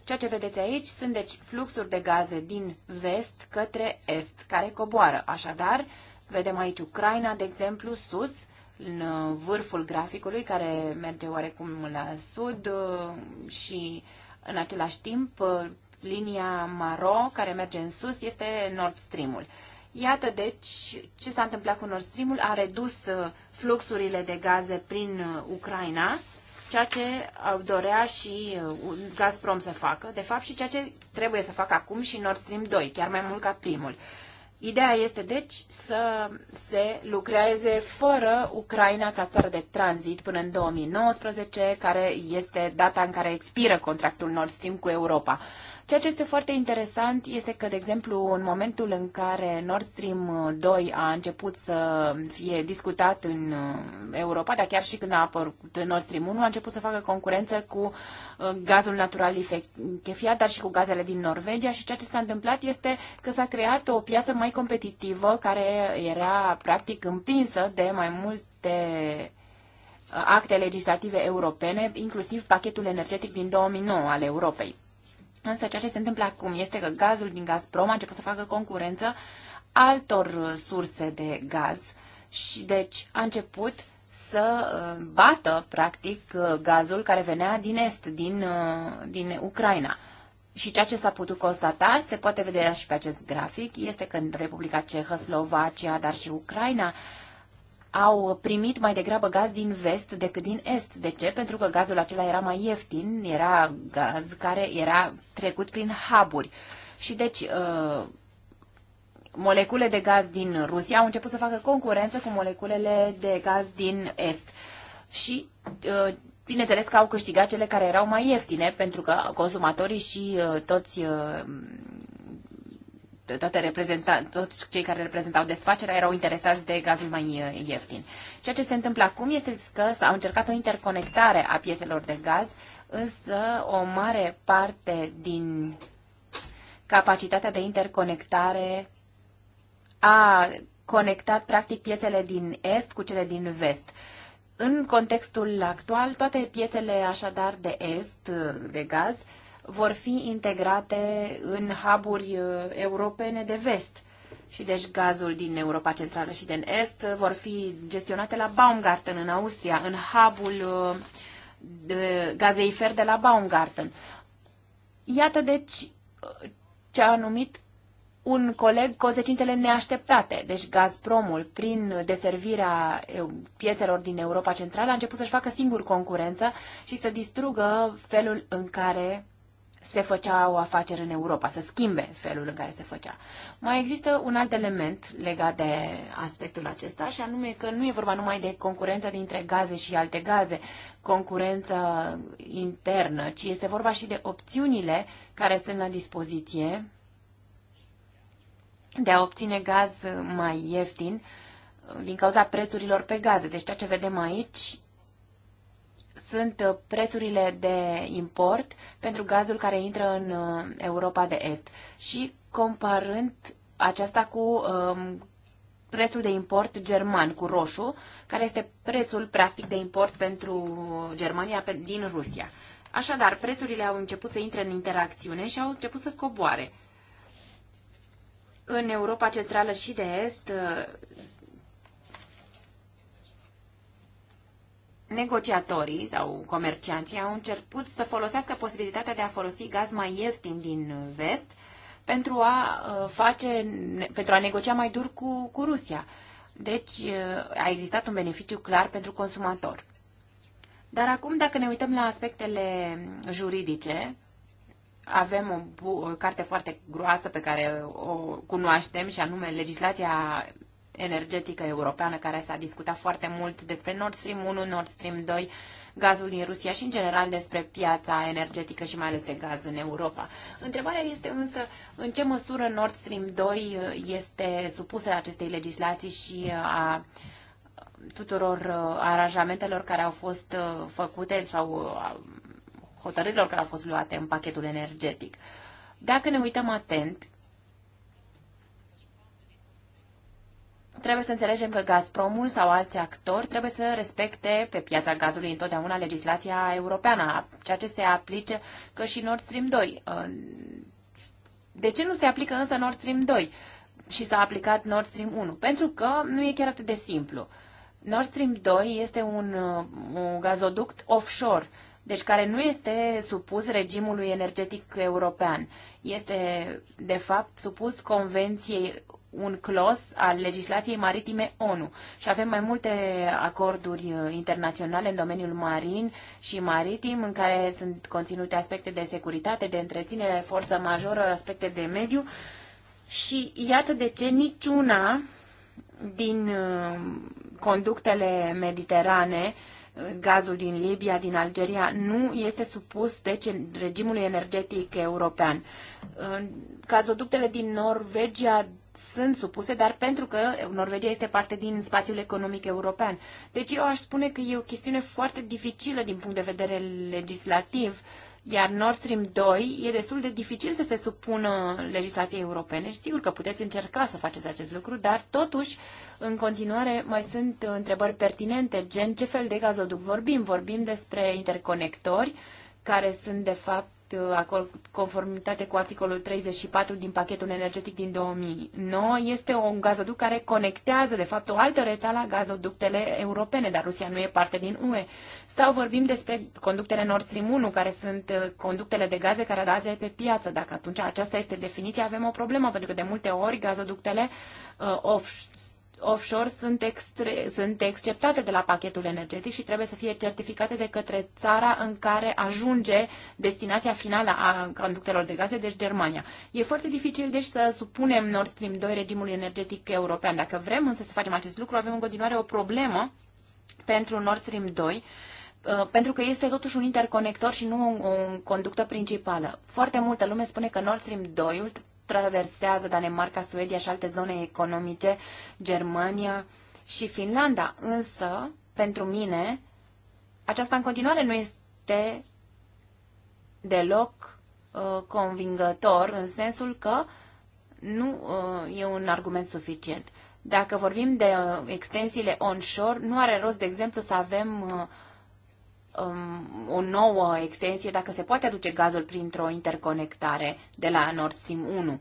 Ceea ce vedeți aici sunt deci fluxuri de gaze din vest către est, care coboară. Așadar, Vedem aici Ucraina, de exemplu, sus, în uh, vârful graficului, care merge oarecum la sud uh, și în același timp uh, linia maro, care merge în sus, este Nord Stream-ul. Iată, deci, ce s-a întâmplat cu Nord Stream-ul. A redus fluxurile de gaze prin Ucraina, ceea ce dorea și Gazprom să facă, de fapt, și ceea ce trebuie să facă acum și Nord Stream 2, chiar mai mult ca primul. Ideea este, deci, să se lucreze fără Ucraina ca țară de tranzit până în 2019, care este data în care expiră contractul Nord Stream cu Europa. Ceea ce este foarte interesant este că, de exemplu, în momentul în care Nord Stream 2 uh, a început să fie discutat în uh, Europa, dar chiar și când a apărut Nord Stream 1, a început să facă concurență cu uh, gazul natural chefiat, dar și cu gazele din Norvegia și ceea ce s-a întâmplat este că s-a creat o piață mai competitivă care era practic împinsă de mai multe acte legislative europene, inclusiv pachetul energetic din 2009 al Europei. Însă ceea ce se întâmplă acum este că gazul din Gazprom a început să facă concurență altor surse de gaz și deci a început să uh, bată, practic, uh, gazul care venea din est, din, uh, din Ucraina. Și ceea ce s-a putut constata, se poate vedea și pe acest grafic, este că în Republica Cehă, Slovacia, dar și Ucraina, au primit mai degrabă gaz din vest decât din est. De ce? Pentru că gazul acela era mai ieftin, era gaz care era trecut prin haburi. Și deci uh, molecule de gaz din Rusia au început să facă concurență cu moleculele de gaz din est. Și uh, bineînțeles că au câștigat cele care erau mai ieftine, pentru că consumatorii și uh, toți toate toți cei care reprezentau desfacerea erau interesați de gazul mai uh, ieftin. Ceea ce se întâmplă acum este că s-au încercat o interconectare a pieselor de gaz, însă o mare parte din capacitatea de interconectare a conectat practic piețele din est cu cele din vest. În contextul actual, toate piețele așadar de est, uh, de gaz, vor fi integrate în huburi uh, europene de vest. Și deci gazul din Europa Centrală și din Est vor fi gestionate la Baumgarten în Austria, în hubul uh, de gazeifer de la Baumgarten. Iată deci uh, ce a numit un coleg consecințele neașteptate. Deci Gazpromul, prin deservirea piețelor din Europa Centrală, a început să-și facă singur concurență și să distrugă felul în care se făcea o afacere în Europa, să schimbe felul în care se făcea. Mai există un alt element legat de aspectul acesta și anume că nu e vorba numai de concurența dintre gaze și alte gaze, concurența internă, ci este vorba și de opțiunile care sunt la dispoziție de a obține gaz mai ieftin din cauza prețurilor pe gaze. Deci ceea ce vedem aici sunt uh, prețurile de import pentru gazul care intră în uh, Europa de Est și comparând aceasta cu um, prețul de import german cu roșu, care este prețul practic de import pentru Germania pe, din Rusia. Așadar, prețurile au început să intre în interacțiune și au început să coboare. În Europa Centrală și de Est, uh, negociatorii sau comercianții au început să folosească posibilitatea de a folosi gaz mai ieftin din vest pentru a uh, face, pentru a negocia mai dur cu, cu Rusia. Deci uh, a existat un beneficiu clar pentru consumator. Dar acum, dacă ne uităm la aspectele juridice, avem o, o carte foarte groasă pe care o cunoaștem și anume legislația energetică europeană care s-a discutat foarte mult despre Nord Stream 1, Nord Stream 2, gazul din Rusia și în general despre piața energetică și mai ales de gaz în Europa. Întrebarea este însă în ce măsură Nord Stream 2 este supusă acestei legislații și a tuturor uh, aranjamentelor care au fost uh, făcute sau uh, hotărârilor care au fost luate în pachetul energetic. Dacă ne uităm atent, trebuie să înțelegem că Gazpromul sau alți actori trebuie să respecte pe piața gazului întotdeauna legislația europeană, ceea ce se aplice că și Nord Stream 2. De ce nu se aplică însă Nord Stream 2 și s-a aplicat Nord Stream 1? Pentru că nu e chiar atât de simplu. Nord Stream 2 este un, uh, un gazoduct offshore, deci care nu este supus regimului energetic european. Este, de fapt, supus Convenției un clos al legislației maritime ONU și avem mai multe acorduri uh, internaționale în domeniul marin și maritim în care sunt conținute aspecte de securitate, de întreținere, forță majoră, aspecte de mediu și iată de ce niciuna din uh, conductele mediterane uh, gazul din Libia, din Algeria, nu este supus deci regimului energetic european. Gazoductele din Norvegia sunt supuse, dar pentru că Norvegia este parte din spațiul economic european. Deci eu aș spune că e o chestiune foarte dificilă din punct de vedere legislativ. Uh, iar Nord Stream 2 e destul de dificil să se supună legislației europene și sigur că puteți încerca să faceți acest lucru, dar totuși, în continuare, mai sunt întrebări pertinente, gen ce fel de gazoduc vorbim? Vorbim despre interconectori, uh, care sunt de fapt acord, conformitate cu articolul 34 din pachetul energetic din 2009, este un gazoduct care conectează de fapt o altă rețea la gazoductele europene, dar Rusia nu e parte din UE. Sau vorbim despre conductele Nord Stream 1, care sunt uh, conductele de gaze care gaze pe piață. Dacă atunci aceasta este definiția, avem o problemă, pentru că de multe ori gazoductele uh, off offshore sunt, extre, sunt exceptate de la pachetul energetic și trebuie să fie certificate de către țara în care ajunge destinația finală a conductelor de gaze, deci Germania. E foarte dificil deci să supunem Nord Stream 2 regimului energetic european. Dacă vrem însă să facem acest lucru, avem în continuare o problemă pentru Nord Stream 2 uh, pentru că este totuși un interconector și nu o conductă principală. Foarte multă lume spune că Nord Stream 2 traversează Danemarca, Suedia și alte zone economice, Germania și Finlanda. Însă, pentru mine, aceasta în continuare nu este deloc uh, convingător, în sensul că nu uh, e un argument suficient. Dacă vorbim de uh, extensiile onshore, nu are rost, de exemplu, să avem uh, um, o nouă extensie dacă se poate aduce gazul printr-o interconectare de la Nord Stream 1.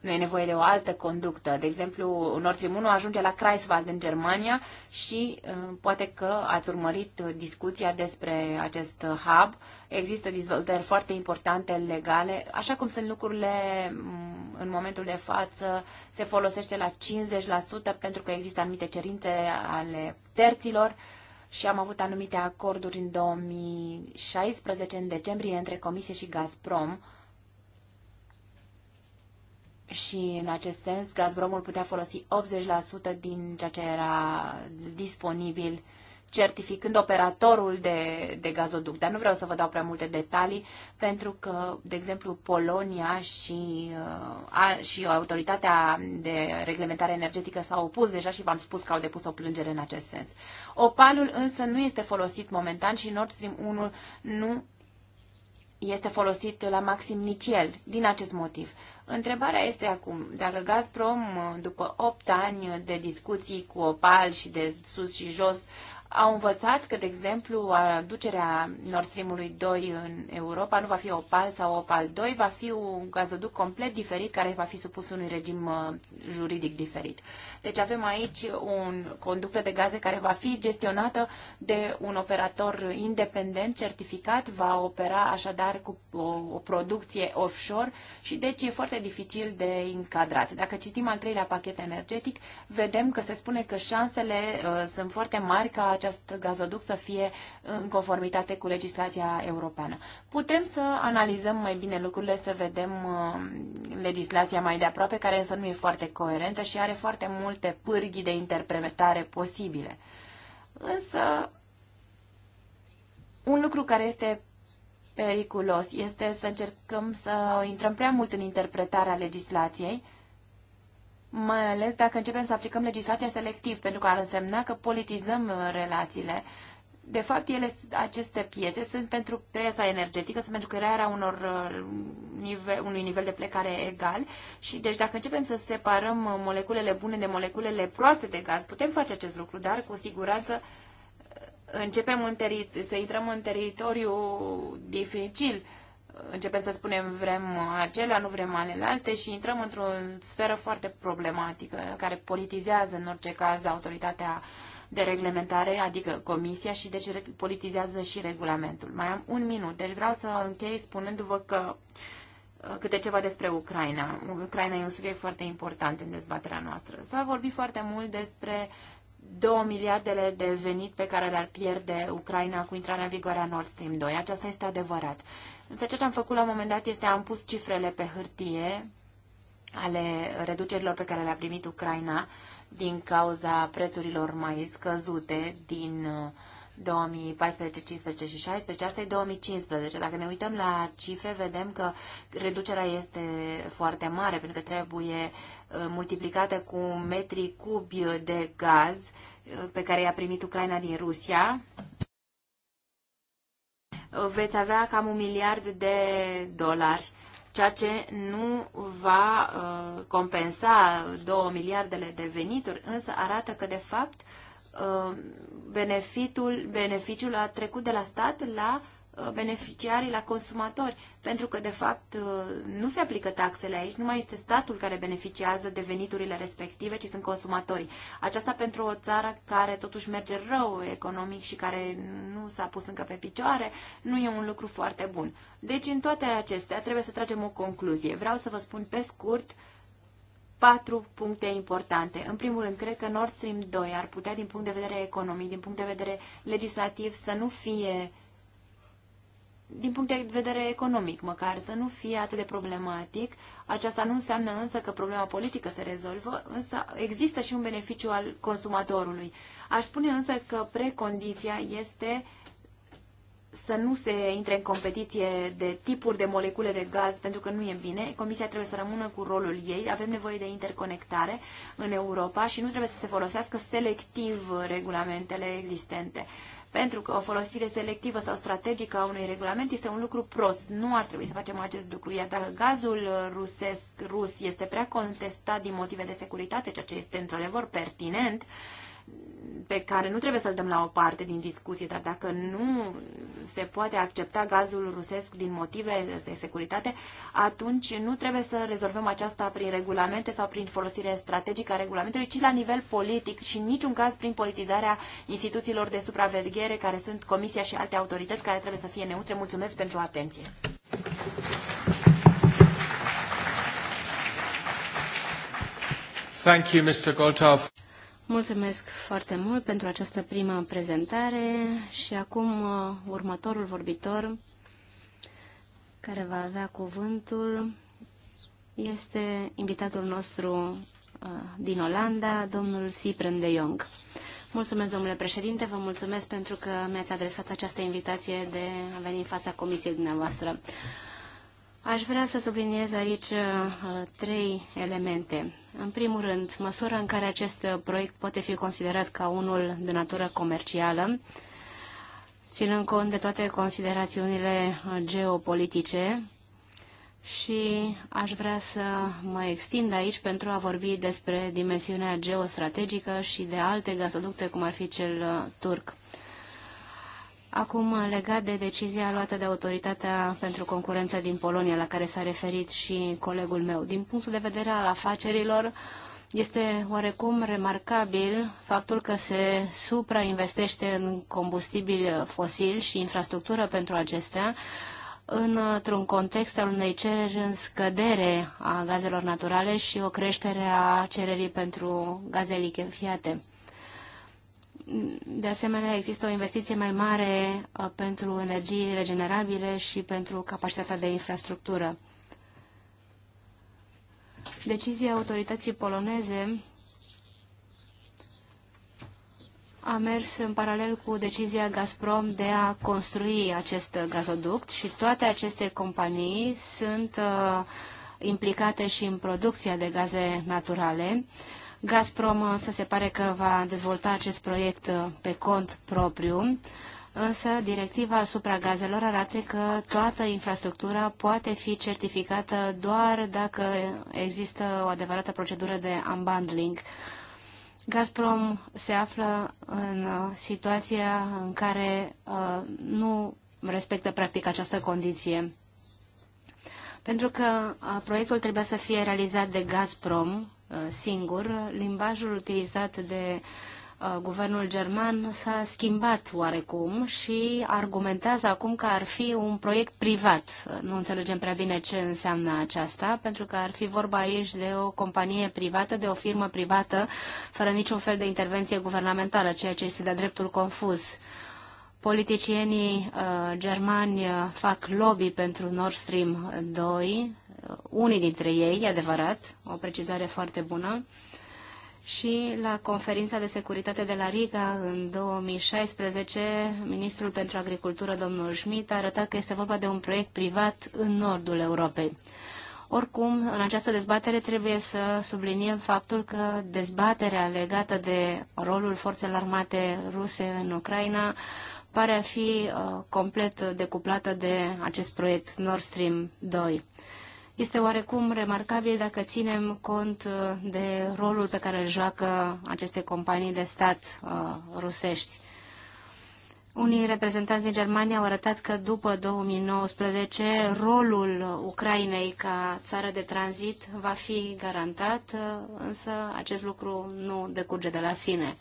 Nu e nevoie de o altă conductă. De exemplu, Nord Stream 1 ajunge la Kreiswald în Germania și um, poate că ați urmărit discuția despre acest hub. Există dezvoltări foarte importante legale. Așa cum sunt lucrurile mm, în momentul de față, se folosește la 50% pentru că există anumite cerințe ale terților și am avut anumite acorduri în 2016, în decembrie, între Comisie și Gazprom. Și în acest sens, Gazpromul putea folosi 80% din ceea ce era disponibil certificând operatorul de, de gazoduct. Dar nu vreau să vă dau prea multe detalii, pentru că, de exemplu, Polonia și, uh, a, și autoritatea de reglementare energetică s-au opus deja și v-am spus că au depus o plângere în acest sens. Opalul însă nu este folosit momentan și Nord Stream 1 nu este folosit la maxim nici el, din acest motiv. Întrebarea este acum, dacă Gazprom, după 8 ani de discuții cu Opal și de sus și jos, uh, au învățat că, de exemplu, aducerea Nord Stream-ului 2 în Europa nu va fi Opal sau Opal 2, va fi un gazoduc complet diferit care va fi supus unui regim uh, juridic diferit. Deci avem aici un conductă de gaze care va fi gestionată de un operator independent certificat, va opera așadar cu o, o producție offshore și deci e foarte dificil de încadrat. Dacă citim al treilea pachet energetic, vedem că se spune că șansele uh, sunt foarte mari ca acest gazoduct să fie în conformitate cu legislația europeană. Putem să analizăm mai bine lucrurile, să vedem uh, legislația mai de aproape, care însă nu e foarte coerentă și are foarte multe pârghi de interpretare posibile. Însă, un lucru care este periculos este să încercăm să intrăm prea mult în interpretarea legislației, mai ales dacă începem să aplicăm legislația selectiv, pentru că ar însemna că politizăm uh, relațiile. De fapt, ele, aceste piețe sunt pentru presa energetică, sunt pentru crearea unor uh, nive- unui nivel de plecare egal și deci dacă începem să separăm uh, moleculele bune de moleculele proaste de gaz, putem face acest lucru, dar cu siguranță începem în teri- să intrăm în teritoriu dificil începem să spunem vrem acelea, nu vrem alelalte și intrăm într-o sferă foarte problematică care politizează în orice caz autoritatea de reglementare, adică comisia și deci politizează și regulamentul. Mai am un minut, deci vreau să închei spunându-vă că uh, câte ceva despre Ucraina. Ucraina e un subiect foarte important în dezbaterea noastră. S-a vorbit foarte mult despre 2 miliardele de venit pe care le-ar pierde Ucraina cu intrarea în vigoare a Nord Stream 2. Aceasta este adevărat. Însă ceea ce am făcut la un moment dat este am pus cifrele pe hârtie ale reducerilor pe care le-a primit Ucraina din cauza prețurilor mai scăzute din 2014, uh, 15 și 16, asta e 2015. Dacă ne uităm la cifre, vedem că reducerea este foarte mare, pentru că trebuie uh, multiplicată cu metri cubi de gaz uh, pe care i-a primit Ucraina din Rusia veți avea cam un miliard de dolari, ceea ce nu va uh, compensa 2 miliardele de venituri, însă arată că, de fapt, uh, beneficiul a trecut de la stat la Uh, beneficiarii la consumatori, pentru că, de fapt, uh, nu se aplică taxele aici, nu mai este statul care beneficiază de veniturile respective, ci sunt consumatorii. Aceasta pentru o țară care totuși merge rău economic și care nu s-a pus încă pe picioare, nu e un lucru foarte bun. Deci, în toate acestea, trebuie să tragem o concluzie. Vreau să vă spun pe scurt patru puncte importante. În primul rând, cred că Nord Stream 2 ar putea, din punct de vedere economic, din punct de vedere legislativ, să nu fie din punct de vedere economic, măcar să nu fie atât de problematic. Aceasta nu înseamnă însă că problema politică se rezolvă, însă există și un beneficiu al consumatorului. Aș spune însă că precondiția este să nu se intre în competiție de tipuri de molecule de gaz, pentru că nu e bine. Comisia trebuie să rămână cu rolul ei. Avem nevoie de interconectare în Europa și nu trebuie să se folosească selectiv regulamentele existente pentru că o folosire selectivă sau strategică a unui regulament este un lucru prost. Nu ar trebui să facem acest lucru. Iar dacă gazul rusesc, rus este prea contestat din motive de securitate, ceea ce este într-adevăr pertinent, uh, pe care nu trebuie să-l dăm la o parte din discuție, dar dacă nu se poate accepta gazul rusesc din motive de securitate, atunci nu trebuie să rezolvăm aceasta prin regulamente sau prin folosire strategică a regulamentului, ci la nivel politic și în niciun caz prin politizarea instituțiilor de supraveghere, care sunt Comisia și alte autorități care trebuie să fie neutre. Mulțumesc pentru atenție! Thank you, Mr. Mulțumesc foarte mult pentru această primă prezentare și acum uh, următorul vorbitor care va avea cuvântul este invitatul nostru uh, din Olanda, domnul Sipren de Jong. Mulțumesc, domnule președinte, vă mulțumesc pentru că mi-ați adresat această invitație de a veni în fața comisiei dumneavoastră. Aș vrea să subliniez aici uh, trei elemente. În primul rând, măsura în care acest uh, proiect poate fi considerat ca unul de natură comercială, ținând cont de toate considerațiunile uh, geopolitice și aș vrea să mă extind aici pentru a vorbi despre dimensiunea geostrategică și de alte gazoducte, cum ar fi cel turc. Acum, legat de decizia luată de Autoritatea pentru Concurență din Polonia, la care s-a referit și colegul meu, din punctul de vedere al afacerilor, este oarecum remarcabil faptul că se suprainvestește în combustibili fosili și infrastructură pentru acestea, într-un context al unei cereri în scădere a gazelor naturale și o creștere a cererii pentru gaze lichefiate. De asemenea, există o investiție mai mare uh, pentru energii regenerabile și pentru capacitatea de infrastructură. Decizia autorității poloneze a mers în paralel cu decizia Gazprom de a construi acest gazoduct și toate aceste companii sunt uh, implicate și în producția de gaze naturale. Uh, Gazprom uh, să se pare că va dezvolta acest proiect uh, pe cont propriu, însă directiva asupra gazelor arată că toată infrastructura poate fi certificată doar dacă există o adevărată procedură de unbundling. Gazprom se află în uh, situația în care nu respectă practic această condiție. Pentru că proiectul trebuia să fie realizat de Gazprom singur. Limbajul utilizat de uh, guvernul german s-a schimbat oarecum și argumentează acum că ar fi un proiect privat. Nu înțelegem prea bine ce înseamnă aceasta, pentru că ar fi vorba aici de o companie privată, de o firmă privată, fără niciun fel de intervenție guvernamentală, ceea ce este de dreptul confuz. Politicienii uh, germani uh, fac lobby pentru Nord Stream 2, unii dintre ei, e adevărat, o precizare foarte bună, și la conferința de securitate de la Riga în 2016, ministrul pentru agricultură, domnul Schmidt, a arătat că este vorba de un proiect privat în nordul Europei. Oricum, în această dezbatere trebuie să subliniem faptul că dezbaterea legată de rolul forțelor armate ruse în Ucraina pare a fi uh, complet decuplată de acest proiect Nord Stream 2 este oarecum remarcabil dacă ținem cont uh, de rolul pe care îl joacă aceste companii de stat uh, rusești. Unii reprezentanți din Germania au arătat că după 2019 rolul Ucrainei ca țară de tranzit va fi garantat, uh, însă acest lucru nu decurge de la sine.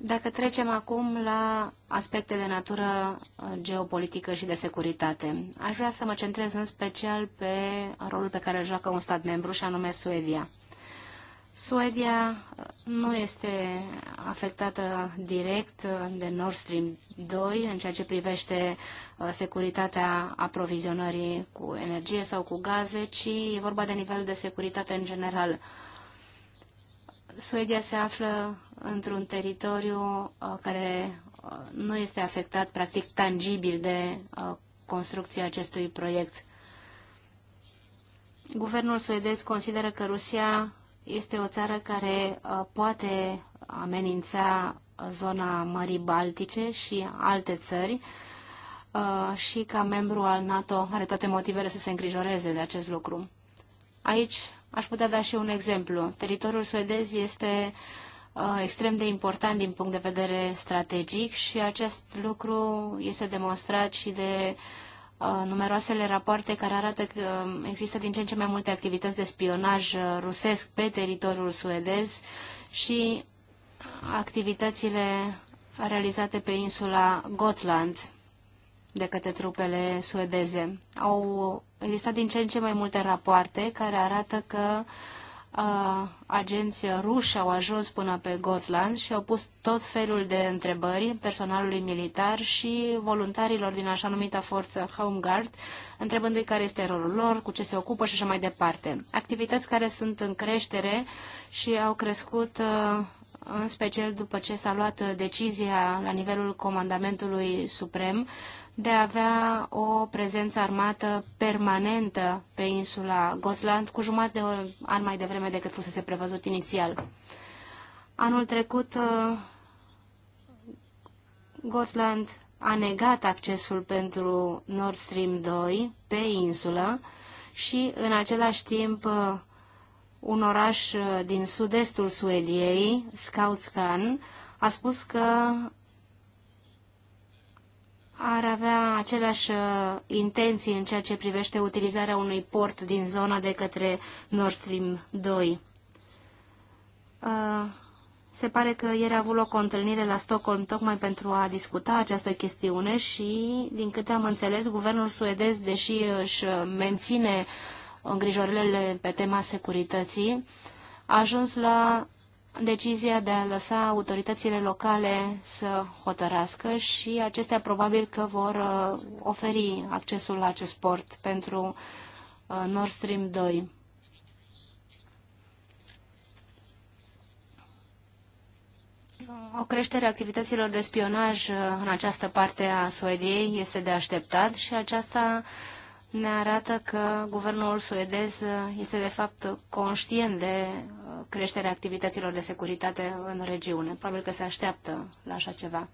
Dacă trecem acum la aspecte de natură uh, geopolitică și de securitate, aș vrea să mă centrez în special pe rolul pe care îl joacă un stat membru, și anume Suedia. Suedia uh, nu este afectată direct uh, de Nord Stream 2 în ceea ce privește securitatea aprovizionării cu energie sau cu gaze, ci e vorba de nivelul de securitate în general. Suedia se află într-un teritoriu uh, care uh, nu este afectat practic tangibil de uh, construcția acestui proiect. Guvernul suedez consideră că Rusia este o țară care poate amenința zona Mării Baltice și alte țări și ca membru al NATO are toate motivele să se îngrijoreze de acest lucru. Aici Aș putea da și un exemplu. Teritoriul suedez este uh, extrem de important din punct de vedere strategic și acest lucru este demonstrat și de uh, numeroasele rapoarte care arată că um, există din ce în ce mai multe activități de spionaj uh, rusesc pe teritoriul suedez și activitățile realizate pe insula Gotland de către trupele suedeze. Au existat din ce în ce mai multe rapoarte care arată că uh, agenți ruși au ajuns până pe Gotland și au pus tot felul de întrebări personalului militar și voluntarilor din așa numita forță Home Guard, întrebându-i care este rolul lor, cu ce se ocupă și așa mai departe. Activități care sunt în creștere și au crescut uh, în special după ce s-a luat decizia la nivelul Comandamentului Suprem de a avea o prezență armată permanentă pe insula Gotland cu jumătate de an mai devreme decât fusese prevăzut inițial. Anul trecut, uh, Gotland a negat accesul pentru Nord Stream 2 pe insulă și, în același timp, uh, un oraș uh, din sud-estul Suediei, Skautskan, a spus că ar avea aceleași uh, intenții în ceea ce privește utilizarea unui port din zona de către Nord Stream 2. Uh, se pare că ieri a avut loc o întâlnire la Stockholm tocmai pentru a discuta această chestiune și, din câte am înțeles, guvernul suedez, deși își uh, menține îngrijorările pe tema securității, a ajuns la decizia de a lăsa autoritățile locale să hotărască și acestea probabil că vor uh, oferi accesul la acest port pentru uh, Nord Stream 2. O creștere a activităților de spionaj uh, în această parte a Suediei este de așteptat și aceasta uh, ne arată că guvernul suedez este de fapt conștient de uh, creșterea activităților de securitate în regiune. Probabil că se așteaptă la așa ceva.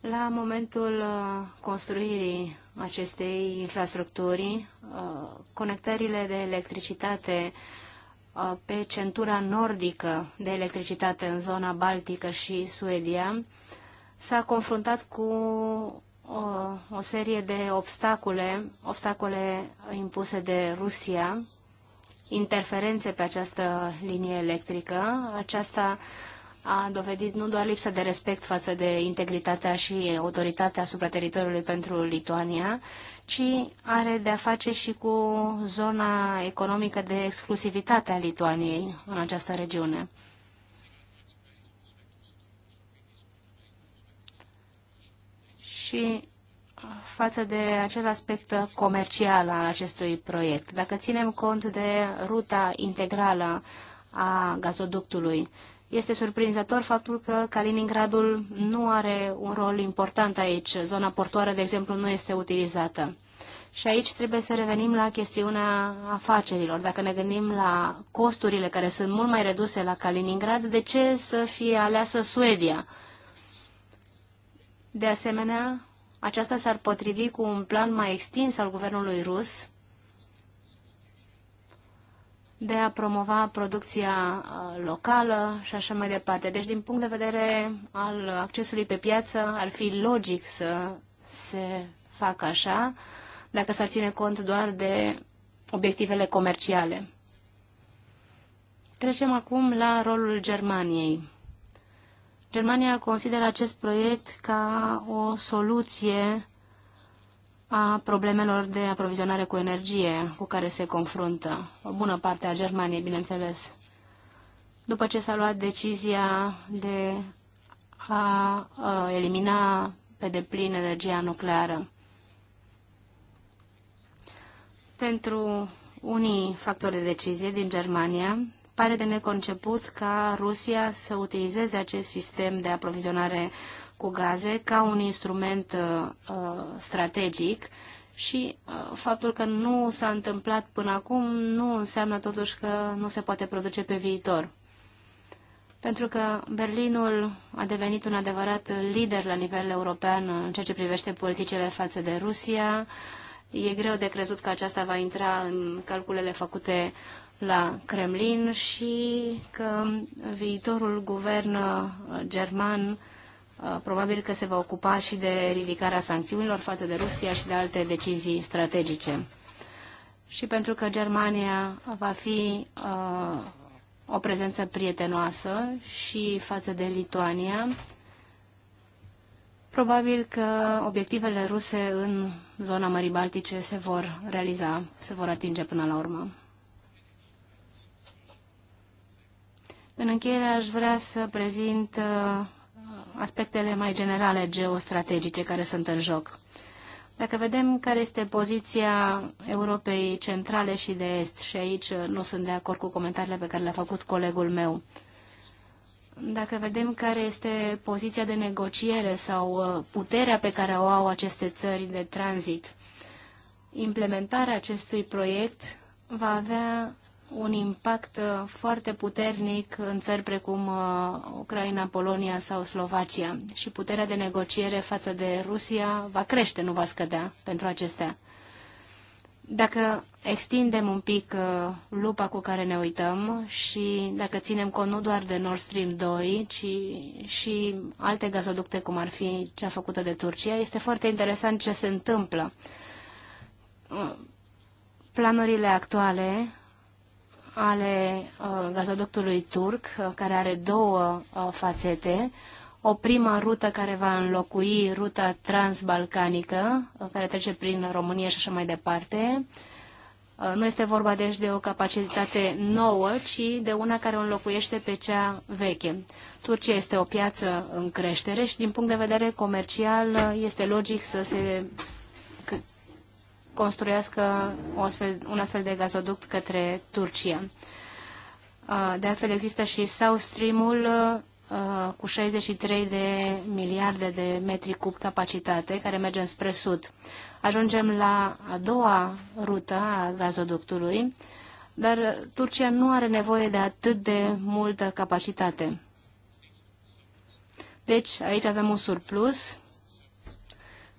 La momentul uh, construirii acestei infrastructuri, uh, conectările de electricitate pe centura nordică de electricitate în zona Baltică și Suedia, s-a confruntat cu o, o serie de obstacole, obstacole impuse de Rusia, interferențe pe această linie electrică. Aceasta a dovedit nu doar lipsa de respect față de integritatea și autoritatea asupra teritoriului pentru Lituania, ci are de-a face și cu zona economică de exclusivitate a Lituaniei în această regiune. Și față de acel aspect comercial al acestui proiect. Dacă ținem cont de ruta integrală a gazoductului este surprinzător faptul că Kaliningradul nu are un rol important aici. Zona portoară, de exemplu, nu este utilizată. Și aici trebuie să revenim la chestiunea afacerilor. Dacă ne gândim la costurile care sunt mult mai reduse la Kaliningrad, de ce să fie aleasă Suedia? De asemenea, aceasta s-ar potrivi cu un plan mai extins al guvernului rus de a promova producția uh, locală și așa mai departe. Deci, din punct de vedere al accesului pe piață, ar fi logic să se facă așa, dacă s-ar ține cont doar de obiectivele comerciale. Trecem acum la rolul Germaniei. Germania consideră acest proiect ca o soluție a problemelor de aprovizionare cu energie cu care se confruntă o bună parte a Germaniei, bineînțeles. După ce s-a luat decizia de a elimina pe deplin energia nucleară. Pentru unii factori de decizie din Germania, pare de neconceput ca Rusia să utilizeze acest sistem de aprovizionare cu gaze ca un instrument uh, uh, strategic și uh, faptul că nu s-a întâmplat până acum nu înseamnă totuși că nu se poate produce pe viitor. Pentru că Berlinul a devenit un adevărat lider la nivel european în ceea ce privește politicele față de Rusia. E greu de crezut că aceasta va intra în calculele făcute la Kremlin și că viitorul guvern uh, german Uh, probabil că se va ocupa și de ridicarea sancțiunilor față de Rusia și de alte decizii strategice. Și pentru că Germania va fi uh, o prezență prietenoasă și față de Lituania, probabil că obiectivele ruse în zona Mării Baltice se vor realiza, se vor atinge până la urmă. În încheiere aș vrea să prezint uh, aspectele mai generale geostrategice care sunt în joc. Dacă vedem care este poziția Europei centrale și de est, și aici uh, nu sunt de acord cu comentariile pe care le-a făcut colegul meu, dacă vedem care este poziția de negociere sau uh, puterea pe care o au aceste țări de tranzit, implementarea acestui proiect va avea un impact uh, foarte puternic în țări precum uh, Ucraina, Polonia sau Slovacia și puterea de negociere față de Rusia va crește, nu va scădea pentru acestea. Dacă extindem un pic uh, lupa cu care ne uităm și dacă ținem cont nu doar de Nord Stream 2, ci și alte gazoducte, cum ar fi cea făcută de Turcia, este foarte interesant ce se întâmplă. Planurile actuale ale uh, gazoductului turc, uh, care are două uh, fațete, o primă rută care va înlocui ruta transbalcanică, care trece prin România și așa mai departe. Nu este vorba deci de o capacitate nouă, ci de una care o înlocuiește pe cea veche. Turcia este o piață în creștere și din punct de vedere comercial este logic să se construiască o astfel, un astfel de gazoduct către Turcia. Uh, de altfel, există și South Stream-ul uh, cu 63 de miliarde de metri cub capacitate, care merge spre sud. Ajungem la a doua rută a gazoductului, dar Turcia nu are nevoie de atât de multă capacitate. Deci, aici avem un surplus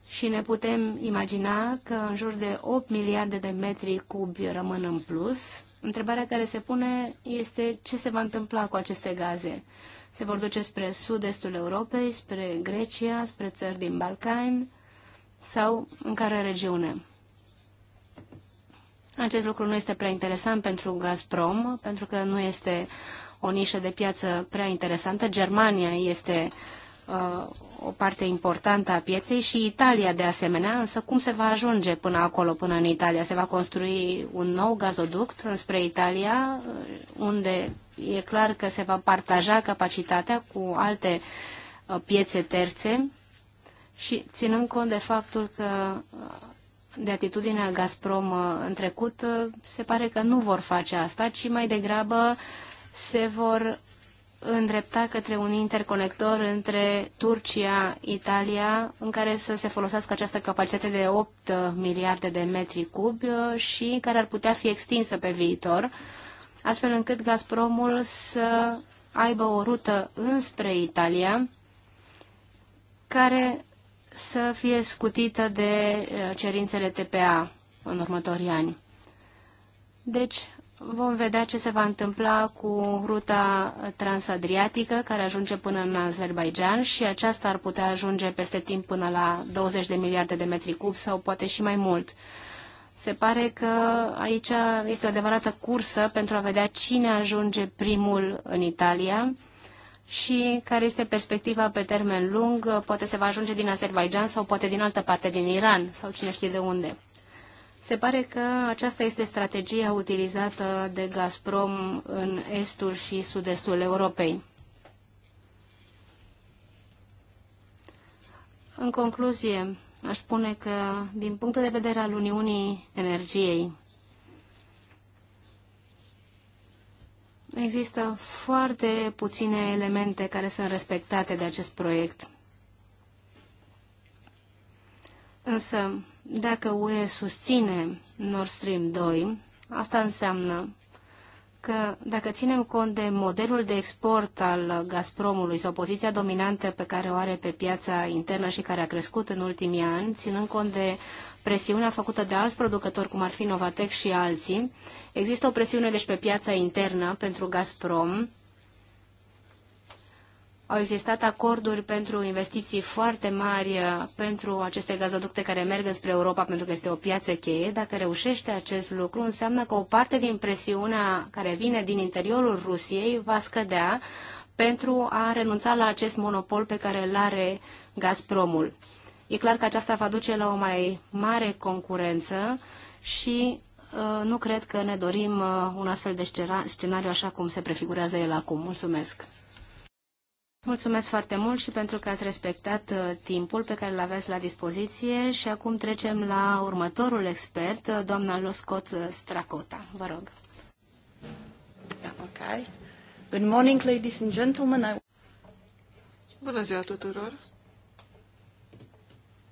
și ne putem imagina că în jur de 8 miliarde de metri cubi rămân în plus. Întrebarea care se pune este ce se va întâmpla cu aceste gaze. Se vor duce spre sud-estul Europei, spre Grecia, spre țări din Balcani sau în care regiune. Acest lucru nu este prea interesant pentru Gazprom, pentru că nu este o nișă de piață prea interesantă. Germania este uh, Uh, o parte importantă a pieței și Italia de asemenea, însă cum se va ajunge până acolo, până în Italia? Se va construi un nou gazoduct înspre Italia, uh, unde e clar că se va partaja capacitatea cu alte uh, piețe terțe și ținând cont de faptul că de atitudinea Gazprom în trecut, se pare că nu vor face asta, ci mai degrabă se vor îndrepta către un interconector între Turcia, Italia, în care să se folosească această capacitate de 8 miliarde de metri cubi uh, și care ar putea fi extinsă pe viitor, astfel încât Gazpromul să aibă o rută înspre Italia, care să fie scutită de uh, cerințele TPA în următorii ani. Deci, Vom vedea ce se va întâmpla cu ruta transadriatică care ajunge până în Azerbaijan și aceasta ar putea ajunge peste timp până la 20 de miliarde de metri cub sau poate și mai mult. Se pare că aici este o adevărată cursă pentru a vedea cine ajunge primul în Italia și care este perspectiva pe termen lung. Poate se va ajunge din Azerbaijan sau poate din altă parte din Iran sau cine știe de unde. Se pare că aceasta este strategia utilizată de Gazprom în estul și sud-estul Europei. În concluzie, aș spune că, din punctul de vedere al Uniunii Energiei, există foarte puține elemente care sunt respectate de acest proiect. Însă, dacă UE susține Nord Stream 2, asta înseamnă că dacă ținem cont de modelul de export al Gazpromului sau poziția dominantă pe care o are pe piața internă și care a crescut în ultimii ani, ținând cont de presiunea făcută de alți producători, cum ar fi Novatec și alții, există o presiune deci pe piața internă pentru Gazprom au existat acorduri pentru investiții foarte mari uh, pentru aceste gazoducte care merg spre Europa pentru că este o piață cheie. Dacă reușește acest lucru, înseamnă că o parte din presiunea care vine din interiorul Rusiei va scădea pentru a renunța la acest monopol pe care îl are Gazpromul. E clar că aceasta va duce la o mai mare concurență și uh, nu cred că ne dorim uh, un astfel de scenariu așa cum se prefigurează el acum. Mulțumesc! Mulțumesc foarte mult și pentru că ați respectat uh, timpul pe care îl aveți la dispoziție și acum trecem la următorul expert, uh, doamna Loscot uh, Stracota. Vă rog. Da, okay. Good morning, ladies and gentlemen. I... Bună ziua tuturor!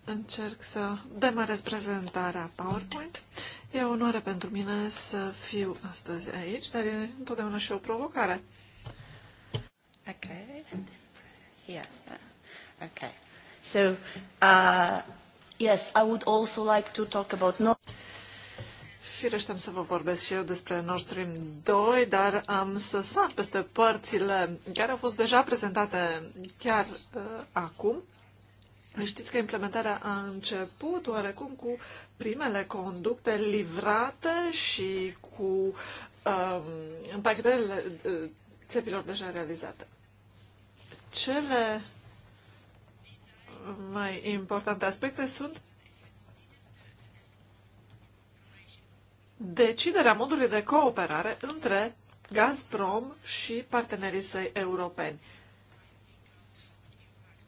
Încerc să demarez prezentarea PowerPoint. E o onoare pentru mine să fiu astăzi aici, dar e întotdeauna și o provocare Okay. So, uh, yes, I would also like to talk about... No Firește să vă vorbesc și eu despre Nord Stream 2, dar am să sar peste părțile care au fost deja prezentate chiar uh, acum. Știți că implementarea a început oarecum cu primele conducte livrate și cu uh, împachetările uh, țepilor deja realizate. Cele mai importante aspecte sunt deciderea modului de cooperare între Gazprom și partenerii săi europeni.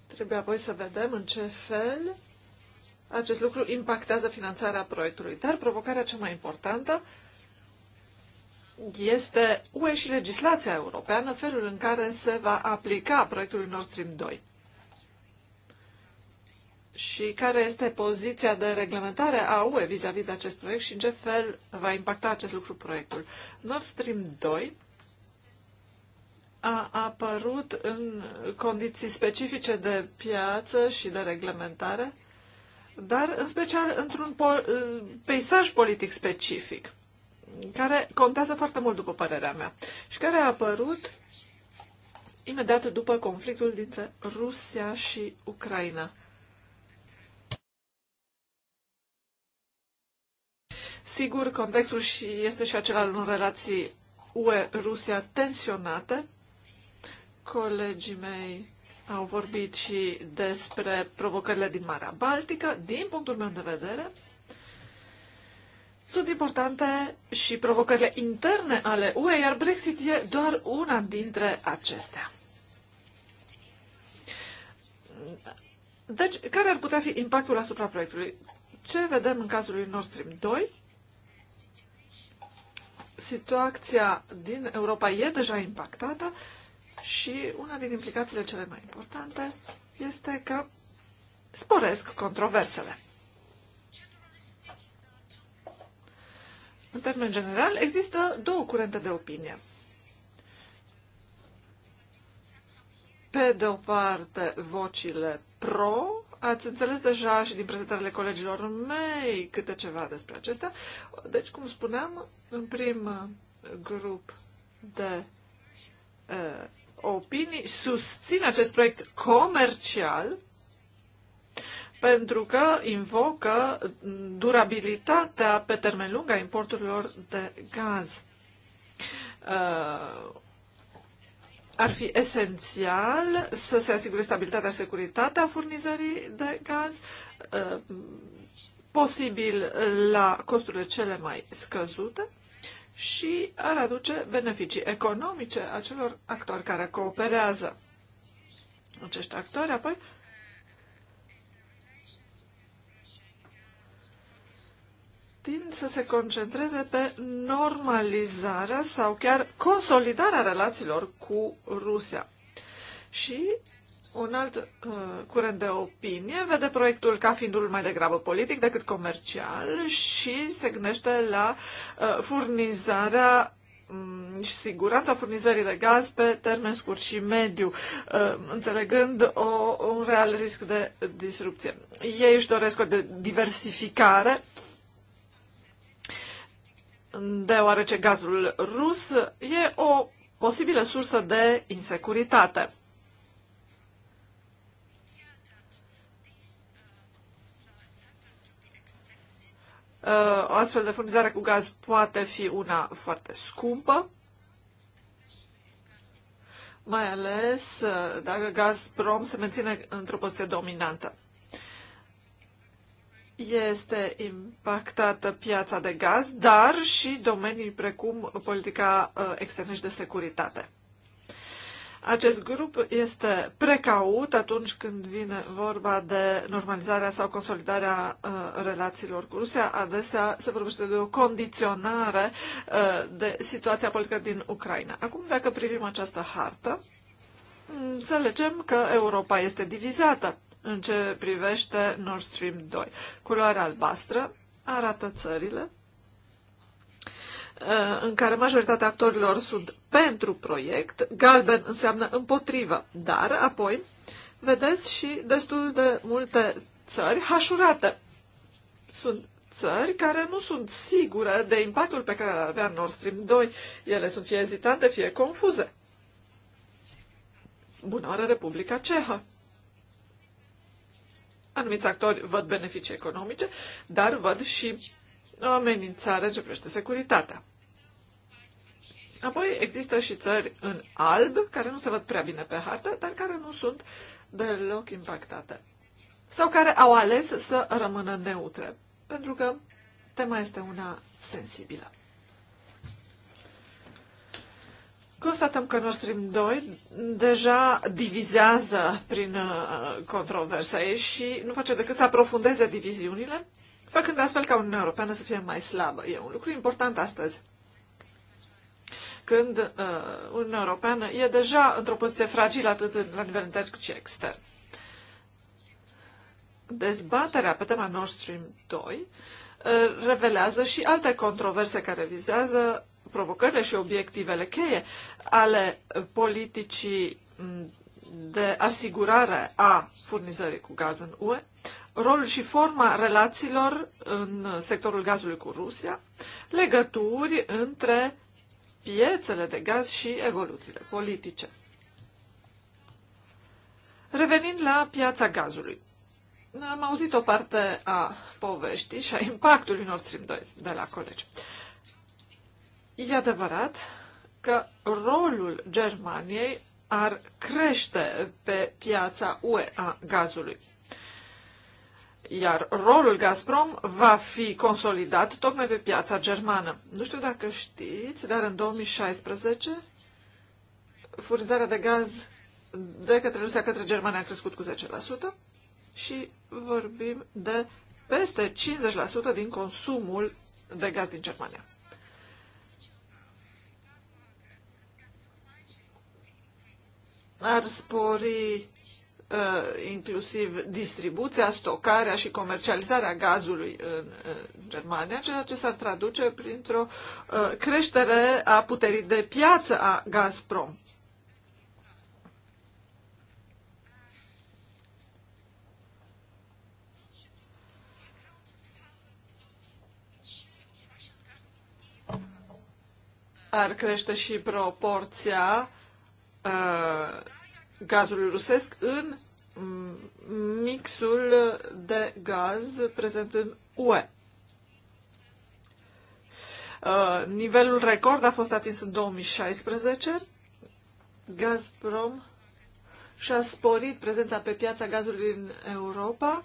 Trebuie apoi să vedem în ce fel acest lucru impactează finanțarea proiectului. Dar provocarea cea mai importantă este UE și legislația europeană, felul în care se va aplica proiectul Nord Stream 2 și care este poziția de reglementare a UE vis-a-vis de acest proiect și în ce fel va impacta acest lucru proiectul. Nord Stream 2 a apărut în condiții specifice de piață și de reglementare, dar în special într-un po- peisaj politic specific, care contează foarte mult, după părerea mea, și care a apărut imediat după conflictul dintre Rusia și Ucraina. Sigur, contextul și este și acela al relații UE-Rusia tensionate. Colegii mei au vorbit și despre provocările din Marea Baltică. Din punctul meu de vedere, sunt importante și provocările interne ale UE, iar Brexit e doar una dintre acestea. Deci, care ar putea fi impactul asupra proiectului? Ce vedem în cazul lui Nord Stream 2? situația din Europa e deja impactată și una din implicațiile cele mai importante este că sporesc controversele. În termen general, există două curente de opinie. Pe de o parte, vocile pro, ați înțeles deja și din prezentările colegilor mei câte ceva despre acestea. Deci, cum spuneam, în prim uh, grup de uh, opinii susțin acest proiect comercial pentru că invocă durabilitatea pe termen lung a importurilor de gaz. Uh, ar fi esențial să se asigure stabilitatea și securitatea furnizării de gaz, uh, posibil la costurile cele mai scăzute și ar aduce beneficii economice acelor actori care cooperează. Acești actori apoi tind să se concentreze pe normalizarea sau chiar consolidarea relațiilor cu Rusia. Și un alt uh, curent de opinie vede proiectul ca fiind unul mai degrabă politic decât comercial și se gândește la uh, furnizarea mm, și siguranța furnizării de gaz pe termen scurt și mediu, uh, înțelegând o, un real risc de disrupție. Ei își doresc o diversificare deoarece gazul rus e o posibilă sursă de insecuritate. Uh, o astfel de furnizare cu gaz poate fi una foarte scumpă, mai ales uh, dacă Gazprom se menține într-o poziție dominantă este impactată piața de gaz, dar și domenii precum politica uh, externă și de securitate. Acest grup este precaut atunci când vine vorba de normalizarea sau consolidarea uh, relațiilor cu Rusia. Adesea se vorbește de o condiționare uh, de situația politică din Ucraina. Acum, dacă privim această hartă, înțelegem că Europa este divizată în ce privește Nord Stream 2. Culoarea albastră arată țările ă, în care majoritatea actorilor sunt pentru proiect, galben înseamnă împotrivă, dar apoi vedeți și destul de multe țări hașurate. Sunt țări care nu sunt sigure de impactul pe care avea Nord Stream 2. Ele sunt fie ezitante, fie confuze. Bună oară Republica Cehă! anumiți actori văd beneficii economice, dar văd și o amenințare ce privește securitatea. Apoi există și țări în alb, care nu se văd prea bine pe hartă, dar care nu sunt deloc impactate. Sau care au ales să rămână neutre, pentru că tema este una sensibilă. Constatăm că Nord Stream 2 deja divizează prin uh, controverse și nu face decât să aprofundeze diviziunile, făcând astfel ca Uniunea Europeană să fie mai slabă. E un lucru important astăzi, când uh, Uniunea Europeană e deja într-o poziție fragilă atât la nivel intern cât și extern. Dezbaterea pe tema Nord Stream 2 uh, revelează și alte controverse care vizează provocările și obiectivele cheie ale politicii de asigurare a furnizării cu gaz în UE, rolul și forma relațiilor în sectorul gazului cu Rusia, legături între piețele de gaz și evoluțiile politice. Revenind la piața gazului. Am auzit o parte a poveștii și a impactului Nord Stream 2 de la colegi. E adevărat că rolul Germaniei ar crește pe piața UE a gazului. Iar rolul Gazprom va fi consolidat tocmai pe piața germană. Nu știu dacă știți, dar în 2016 furnizarea de gaz de către Rusia către Germania a crescut cu 10% și vorbim de peste 50% din consumul de gaz din Germania. ar spori uh, inclusiv distribuția, stocarea și comercializarea gazului în uh, Germania, ceea ce s-ar traduce printr-o uh, creștere a puterii de piață a Gazprom. Ar crește și proporția gazului rusesc în mixul de gaz prezent în UE. nivelul record a fost atins în 2016. Gazprom și-a sporit prezența pe piața gazului în Europa,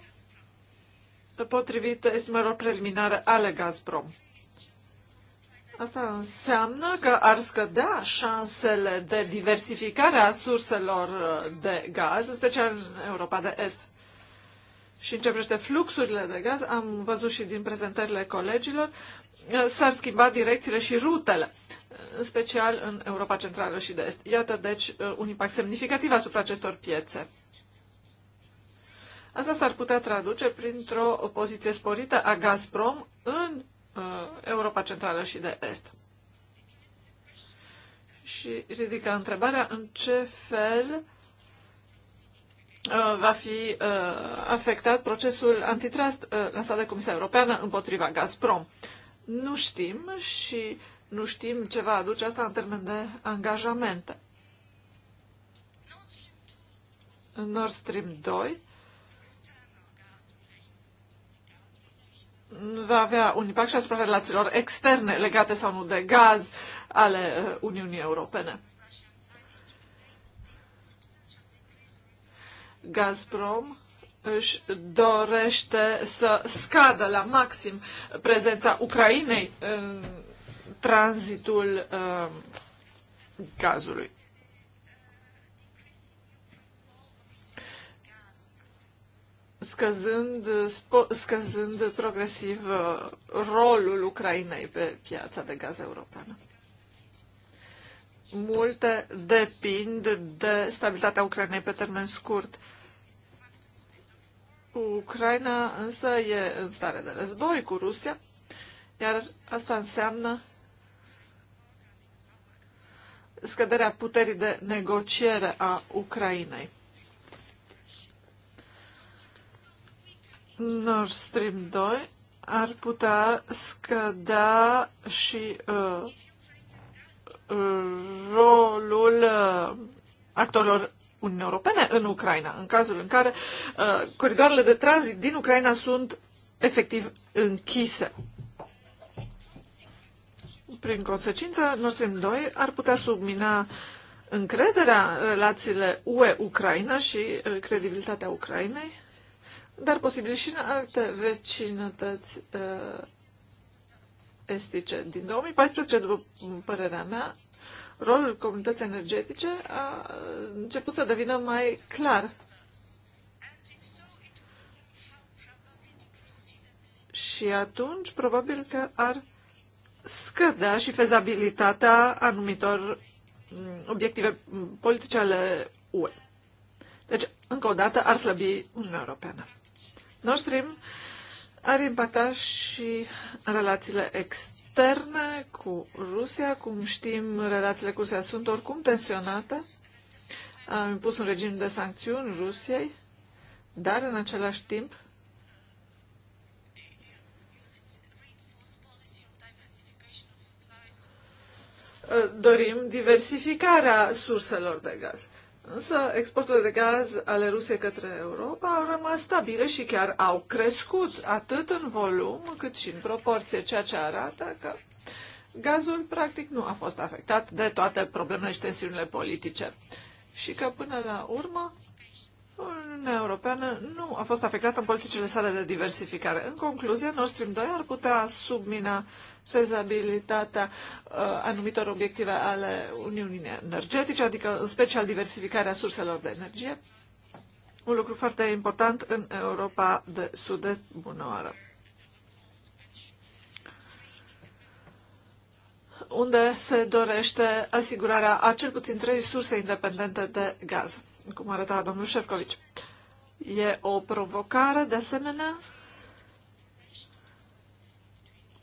potrivit estimărilor preliminare ale Gazprom. Asta înseamnă că ar scădea șansele de diversificare a surselor uh, de gaz, în special în Europa de Est. Și în ce privește fluxurile de gaz, am văzut și din prezentările colegilor, uh, s-ar schimba direcțiile și rutele, uh, în special în Europa Centrală și de Est. Iată, deci, un impact semnificativ asupra acestor piețe. Asta s-ar putea traduce printr-o poziție sporită a Gazprom în Uh, Europa Centrală și de Est. Și ridică întrebarea în ce fel uh, va fi uh, afectat procesul antitrust lansat de Comisia Europeană împotriva Gazprom. Nu știm și nu știm ce va aduce asta în termen de angajamente. Nord Stream 2 va avea un impact și asupra relațiilor externe legate sau nu de gaz ale uh, Uniunii Europene. Gazprom își dorește să scadă la maxim prezența Ucrainei în tranzitul uh, gazului. scăzând, scăzând progresiv uh, rolul Ucrainei pe piața de gaz europeană. Multe depind de stabilitatea Ucrainei pe termen scurt. Ucraina însă e în stare de război cu Rusia, iar asta înseamnă scăderea puterii de negociere a Ucrainei. Nord Stream 2 ar putea scădea și uh, rolul uh, actorilor Uniunii Europene în Ucraina, în cazul în care uh, coridoarele de tranzit din Ucraina sunt efectiv închise. Prin consecință, Nord Stream 2 ar putea submina încrederea în relațiile UE-Ucraina și uh, credibilitatea Ucrainei dar posibil și în alte vecinătăți uh, estice. Din 2014, după părerea mea, rolul comunității energetice a început să devină mai clar. Și atunci, probabil că ar scădea și fezabilitatea anumitor mm, obiective politice ale UE. Deci, încă o dată, ar slăbi Uniunea Europeană. Nord Stream ar impacta și relațiile externe cu Rusia. Cum știm, relațiile cu Rusia sunt oricum tensionate. Am impus un regim de sancțiuni Rusiei, dar în același timp dorim diversificarea surselor de gaz. Însă exporturile de gaz ale Rusiei către Europa au rămas stabile și chiar au crescut atât în volum cât și în proporție, ceea ce arată că gazul practic nu a fost afectat de toate problemele și tensiunile politice și că până la urmă Uniunea Europeană nu a fost afectată în politicile sale de diversificare. În concluzie, Nord Stream 2 ar putea submina fezabilitatea uh, anumitor obiective ale Uniunii Energetice, adică în special diversificarea surselor de energie, un lucru foarte important în Europa de Sud-Est. Bună oară! unde se dorește asigurarea a cel puțin trei surse independente de gaz cum arăta domnul Șefcovici. E o provocare, de asemenea,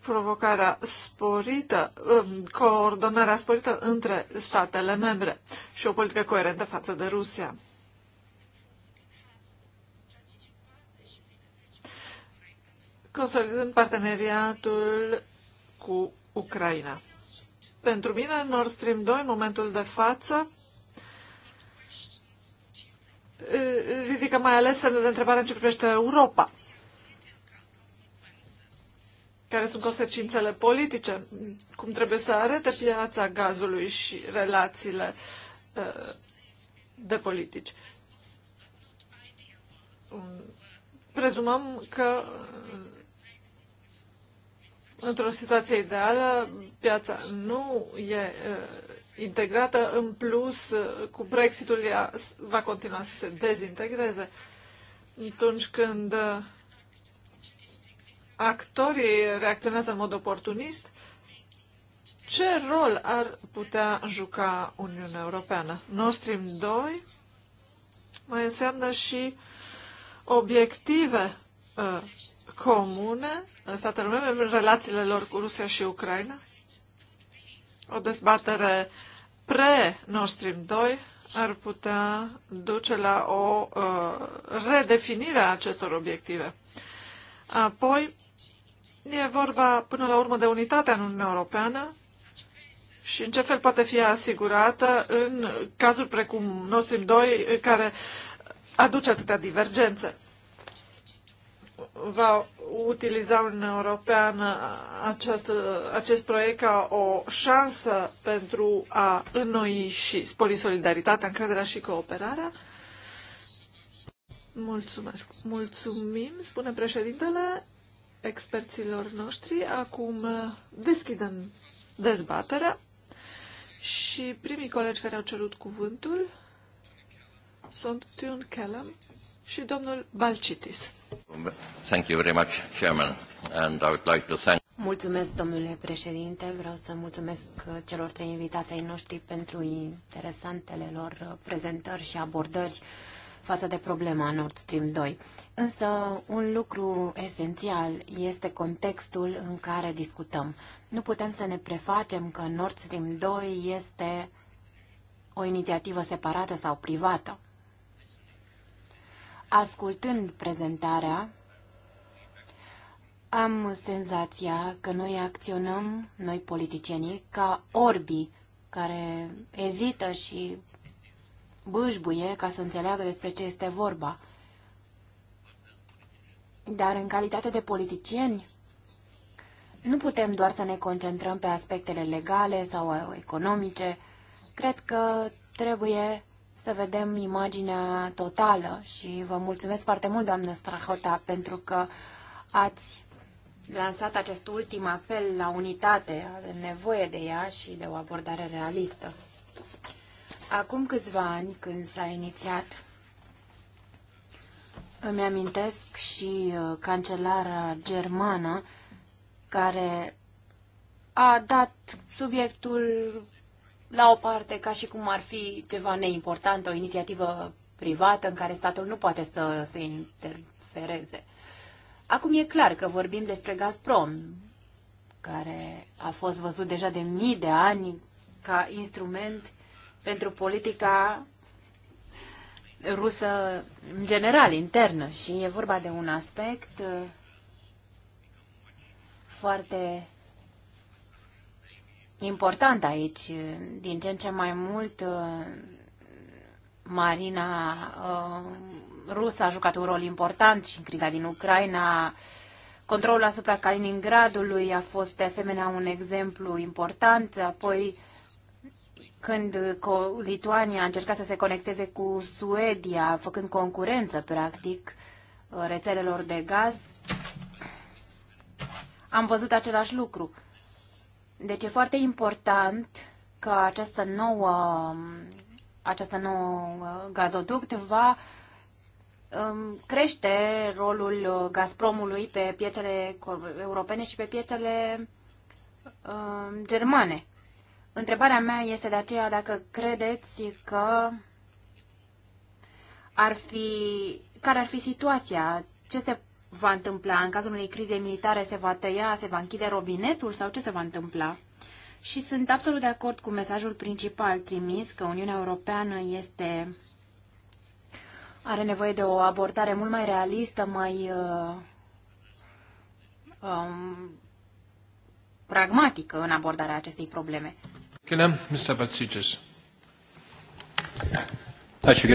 provocarea sporită, um, coordonarea sporită între statele membre și o politică coerentă față de Rusia. Consolidând parteneriatul cu Ucraina. Pentru mine, Nord Stream 2, în momentul de față, ridică mai ales semne de întrebare în ce privește Europa. Care sunt consecințele politice? Cum trebuie să arate piața gazului și relațiile de politici? Prezumăm că într-o situație ideală piața nu e integrată, în plus, uh, cu Brexitul ea va continua să se dezintegreze. Atunci când uh, actorii reacționează în mod oportunist, ce rol ar putea juca Uniunea Europeană? Nord Stream 2 mai înseamnă și obiective uh, comune în statele membre, în relațiile lor cu Rusia și Ucraina. O dezbatere pre-Nord Stream 2 ar putea duce la o uh, redefinire a acestor obiective. Apoi, e vorba până la urmă de unitatea în Uniunea Europeană și în ce fel poate fi asigurată în cazuri precum Nord Stream 2, care aduce atâtea divergențe. Va utiliza Uniunea Europeană această, acest proiect ca o șansă pentru a înnoi și spori solidaritatea, încrederea și cooperarea. Mulțumesc. Mulțumim, spune președintele experților noștri. Acum deschidem dezbaterea și primii colegi care au cerut cuvântul sunt Tune Kellam și domnul Balcitis. Thank you very much, Chairman, and I would like to thank Mulțumesc, domnule președinte. Vreau să mulțumesc celor trei invitați ai noștri pentru interesantele lor prezentări și abordări față de problema Nord Stream 2. Însă, un lucru esențial este contextul în care discutăm. Nu putem să ne prefacem că Nord Stream 2 este o inițiativă separată sau privată. Ascultând prezentarea, am senzația că noi acționăm, noi politicienii, ca orbii care ezită și bâșbuie ca să înțeleagă despre ce este vorba. Dar în calitate de politicieni, nu putem doar să ne concentrăm pe aspectele legale sau economice. Cred că trebuie să vedem imaginea totală și vă mulțumesc foarte mult, doamnă Strahota, pentru că ați lansat acest ultim apel la unitate. Avem nevoie de ea și de o abordare realistă. Acum câțiva ani, când s-a inițiat, îmi amintesc și uh, cancelara germană, care a dat subiectul la o parte ca și cum ar fi ceva neimportant, o inițiativă privată în care statul nu poate să se interfereze. Acum e clar că vorbim despre Gazprom, care a fost văzut deja de mii de ani ca instrument pentru politica rusă în general, internă. Și e vorba de un aspect uh, foarte important aici. Din ce în ce mai mult uh, marina uh, rusă a jucat un rol important și în criza din Ucraina. Controlul asupra Kaliningradului a fost de asemenea un exemplu important. Apoi, când Lituania a încercat să se conecteze cu Suedia, făcând concurență, practic, uh, rețelelor de gaz, am văzut același lucru. Deci e foarte important că această nouă, această nouă gazoduct va um, crește rolul Gazpromului pe piețele europene și pe piețele um, germane. Întrebarea mea este de aceea dacă credeți că ar fi, care ar fi situația, ce se va întâmpla? În cazul unei crize militare se va tăia, se va închide robinetul sau ce se va întâmpla? Și sunt absolut de acord cu mesajul principal trimis că Uniunea Europeană este are nevoie de o abordare mult mai realistă, mai uh, um, pragmatică în abordarea acestei probleme. Mr. Batsicis. Ačiū,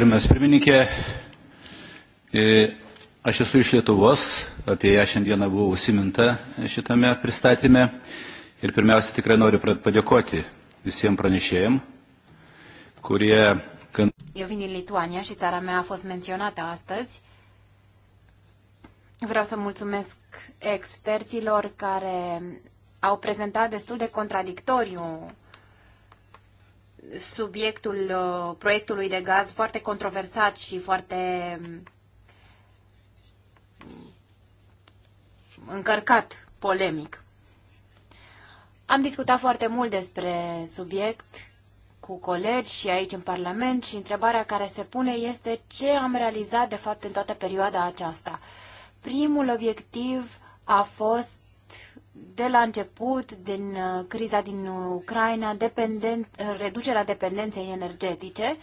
Aš esu iš Lietuvos, apie ją šiandieną buvo užsiminta šitame pristatyme. Ir pirmiausia, tikrai noriu padėkoti visiems pranešėjim, kurie... Eu vin din Lituania și țara mea a fost menționată astăzi. Vreau să mulțumesc experților care au prezentat destul de contradictoriu subiectul uh, proiectului de gaz foarte controversat și foarte încărcat polemic. Am discutat foarte mult despre subiect cu colegi și aici în Parlament și întrebarea care se pune este ce am realizat de fapt în toată perioada aceasta. Primul obiectiv a fost de la început, din uh, criza din Ucraina, dependen- uh, reducerea dependenței energetice.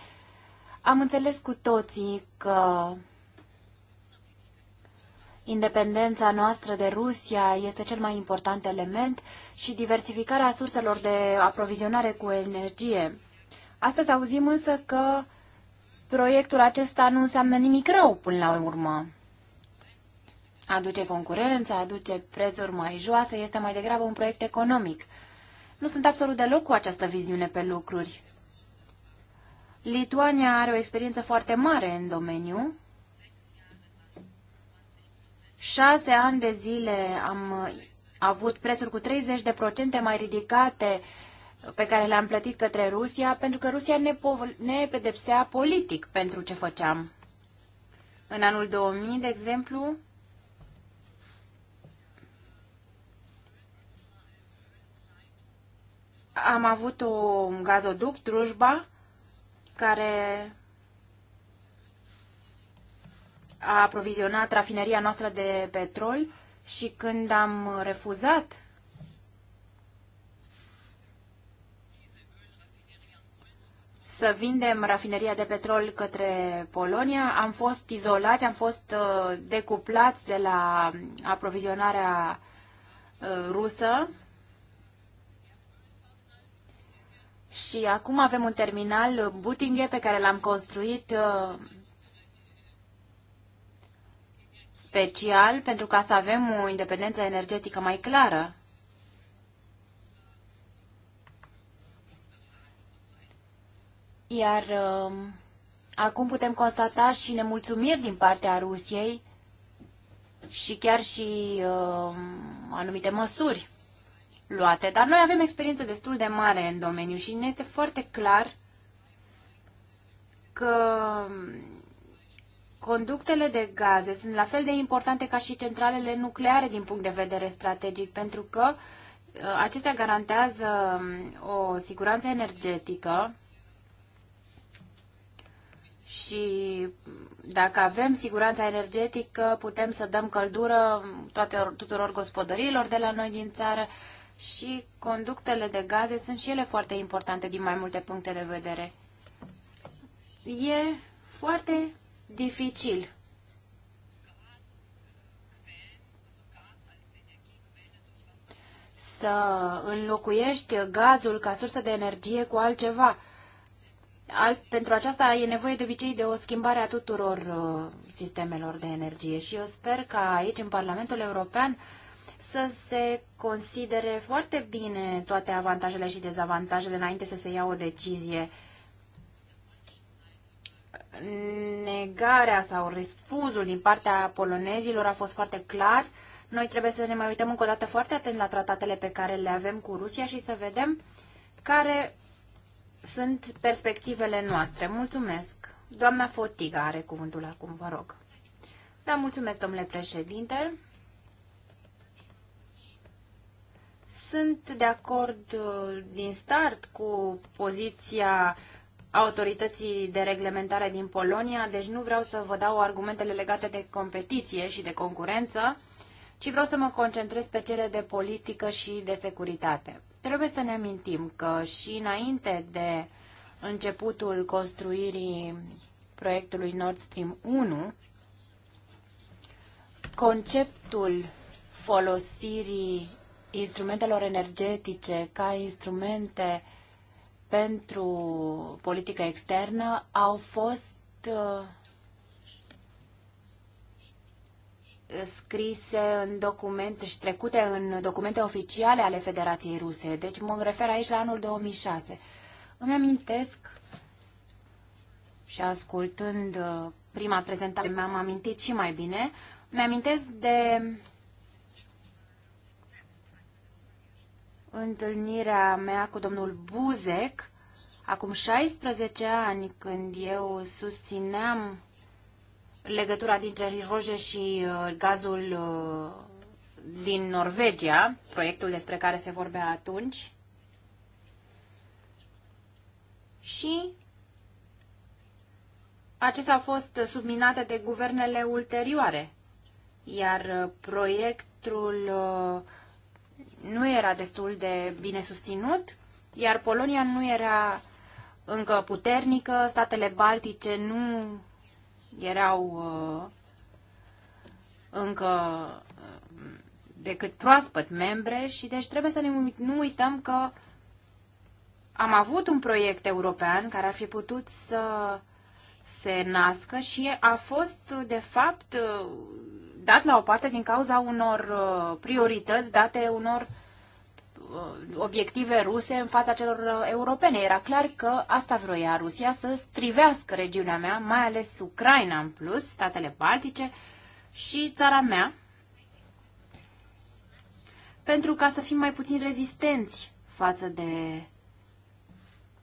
Am înțeles cu toții că Independența noastră de Rusia este cel mai important element și diversificarea surselor de aprovizionare cu energie. Astăzi auzim însă că proiectul acesta nu înseamnă nimic rău până la urmă. Aduce concurență, aduce prețuri mai joase, este mai degrabă un proiect economic. Nu sunt absolut deloc cu această viziune pe lucruri. Lituania are o experiență foarte mare în domeniu șase ani de zile am uh, avut prețuri cu 30% mai ridicate uh, pe care le-am plătit către Rusia, pentru că Rusia ne, ne pedepsea politic pentru ce făceam. În anul 2000, de exemplu, am avut un gazoduct, Drujba, care a aprovizionat rafineria noastră de petrol și când am refuzat să vindem rafineria de petrol către Polonia, am fost izolați, am fost uh, decuplați de la aprovizionarea uh, rusă și acum avem un terminal Butinghe pe care l-am construit uh, special pentru ca să avem o independență energetică mai clară. Iar um, acum putem constata și nemulțumiri din partea Rusiei și chiar și uh, anumite măsuri luate. Dar noi avem experiență destul de mare în domeniu și ne este foarte clar că um, Conductele de gaze sunt la fel de importante ca și centralele nucleare din punct de vedere strategic, pentru că uh, acestea garantează um, o siguranță energetică și dacă avem siguranța energetică, putem să dăm căldură toate, tuturor gospodăriilor de la noi din țară și conductele de gaze sunt și ele foarte importante din mai multe puncte de vedere. E foarte dificil. să înlocuiești gazul ca sursă de energie cu altceva. Alt, pentru aceasta e nevoie de obicei de o schimbare a tuturor uh, sistemelor de energie și eu sper că aici, în Parlamentul European, să se considere foarte bine toate avantajele și dezavantajele înainte să se ia o decizie uh, negarea sau refuzul din partea polonezilor a fost foarte clar. Noi trebuie să ne mai uităm încă o dată foarte atent la tratatele pe care le avem cu Rusia și să vedem care sunt perspectivele noastre. Mulțumesc. Doamna Fotiga are cuvântul acum, vă rog. Da, mulțumesc, domnule președinte. Sunt de acord uh, din start cu poziția uh, autorității de reglementare din Polonia, deci nu vreau să vă dau argumentele legate de competiție și de concurență, ci vreau să mă concentrez pe cele de politică și de securitate. Trebuie să ne amintim că și înainte de începutul construirii proiectului Nord Stream 1, conceptul folosirii instrumentelor energetice ca instrumente pentru politică externă au fost uh, scrise în documente și trecute în documente oficiale ale Federației Ruse. Deci mă refer aici la anul 2006. Îmi amintesc și ascultând uh, prima prezentare mi-am amintit și mai bine, mi-amintesc de întâlnirea mea cu domnul Buzek, acum 16 ani, când eu susțineam legătura dintre Riroje și uh, gazul uh, din Norvegia, proiectul despre care se vorbea atunci, și acestea au fost subminate de guvernele ulterioare, iar uh, proiectul uh, nu era destul de bine susținut, iar Polonia nu era încă puternică, statele baltice nu erau uh, încă uh, decât proaspăt membre și deci trebuie să ne, nu uităm că am avut un proiect european care ar fi putut să se nască și a fost, de fapt, uh, dat la o parte din cauza unor uh, priorități date unor uh, obiective ruse în fața celor uh, europene. Era clar că asta vroia Rusia să strivească regiunea mea, mai ales Ucraina în plus, statele baltice și țara mea, pentru ca să fim mai puțin rezistenți față de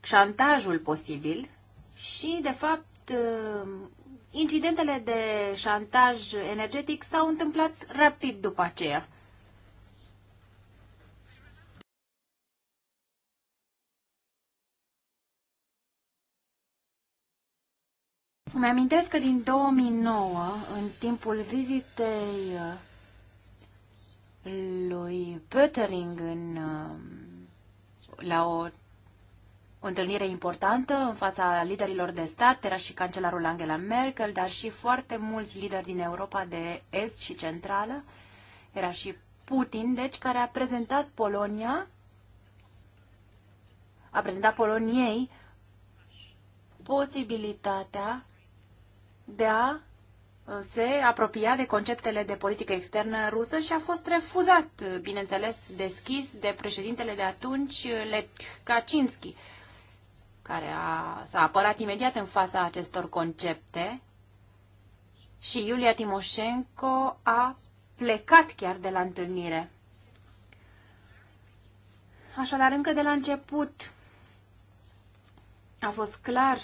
șantajul posibil și, de fapt, Incidentele de șantaj energetic s-au întâmplat rapid după aceea. Îmi amintesc că din 2009, în timpul vizitei uh, lui Pöttering în, uh, la o o întâlnire importantă în fața liderilor de stat, era și cancelarul Angela Merkel, dar și foarte mulți lideri din Europa de Est și Centrală, era și Putin, deci, care a prezentat Polonia, a prezentat Poloniei posibilitatea de a uh, se apropia de conceptele de politică externă rusă și a fost refuzat, uh, bineînțeles, deschis de președintele de atunci, uh, Lech Kaczynski care a, s-a apărat imediat în fața acestor concepte și Iulia Timoshenko a plecat chiar de la întâlnire. Așadar, încă de la început a fost clar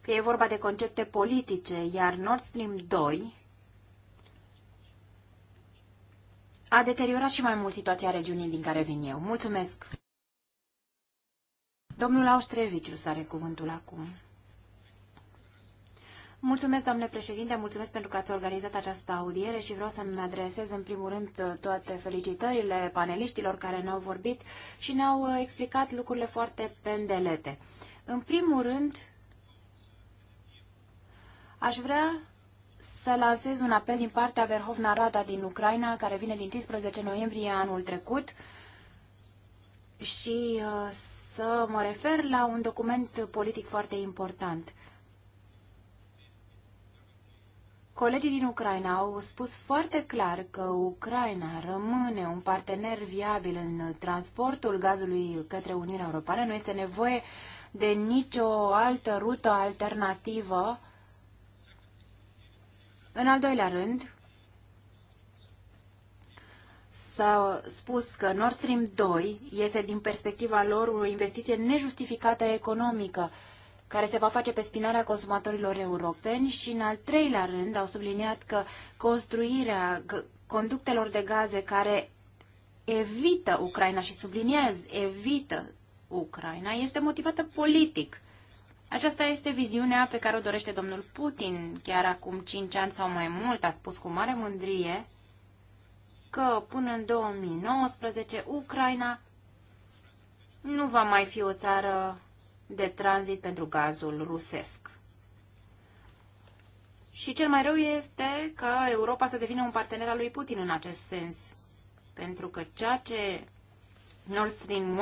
că e vorba de concepte politice, iar Nord Stream 2 a deteriorat și mai mult situația regiunii din care vin eu. Mulțumesc! Domnul Austreviciu are cuvântul acum. Mulțumesc, domnule președinte, mulțumesc pentru că ați organizat această audiere și vreau să-mi adresez în primul rând toate felicitările paneliștilor care ne-au vorbit și ne-au explicat lucrurile foarte pendelete. În primul rând, aș vrea să lansez un apel din partea Verhovna Rada din Ucraina, care vine din 15 noiembrie anul trecut și uh, să mă refer la un document politic foarte important. Colegii din Ucraina au spus foarte clar că Ucraina rămâne un partener viabil în transportul gazului către Uniunea Europeană. Nu este nevoie de nicio altă rută alternativă. În al doilea rând, s-a spus că Nord Stream 2 este din perspectiva lor o investiție nejustificată economică care se va face pe spinarea consumatorilor europeni și, în al treilea rând, au subliniat că construirea conductelor de gaze care evită Ucraina și subliniez, evită Ucraina, este motivată politic. Aceasta este viziunea pe care o dorește domnul Putin. Chiar acum 5 ani sau mai mult a spus cu mare mândrie că până în 2019 Ucraina nu va mai fi o țară de tranzit pentru gazul rusesc. Și cel mai rău este ca Europa să devină un partener al lui Putin în acest sens. Pentru că ceea ce Nord Stream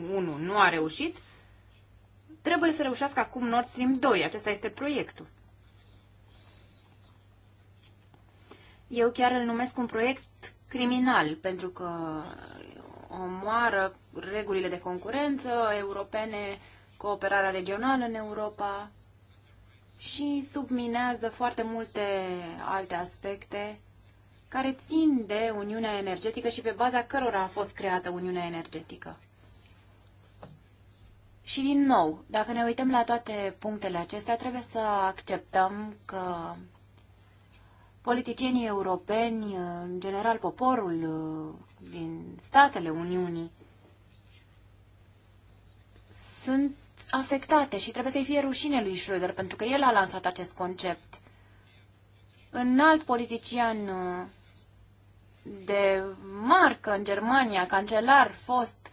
1, 1 nu a reușit, trebuie să reușească acum Nord Stream 2. Acesta este proiectul. Eu chiar îl numesc un proiect criminal, pentru că omoară regulile de concurență europene, cooperarea regională în Europa și subminează foarte multe alte aspecte care țin de Uniunea Energetică și pe baza cărora a fost creată Uniunea Energetică. Și din nou, dacă ne uităm la toate punctele acestea, trebuie să acceptăm că politicienii europeni, uh, în general poporul uh, din statele Uniunii, sunt afectate și trebuie să-i fie rușine lui Schröder, pentru că el a lansat acest concept. În alt politician uh, de marcă în Germania, cancelar fost,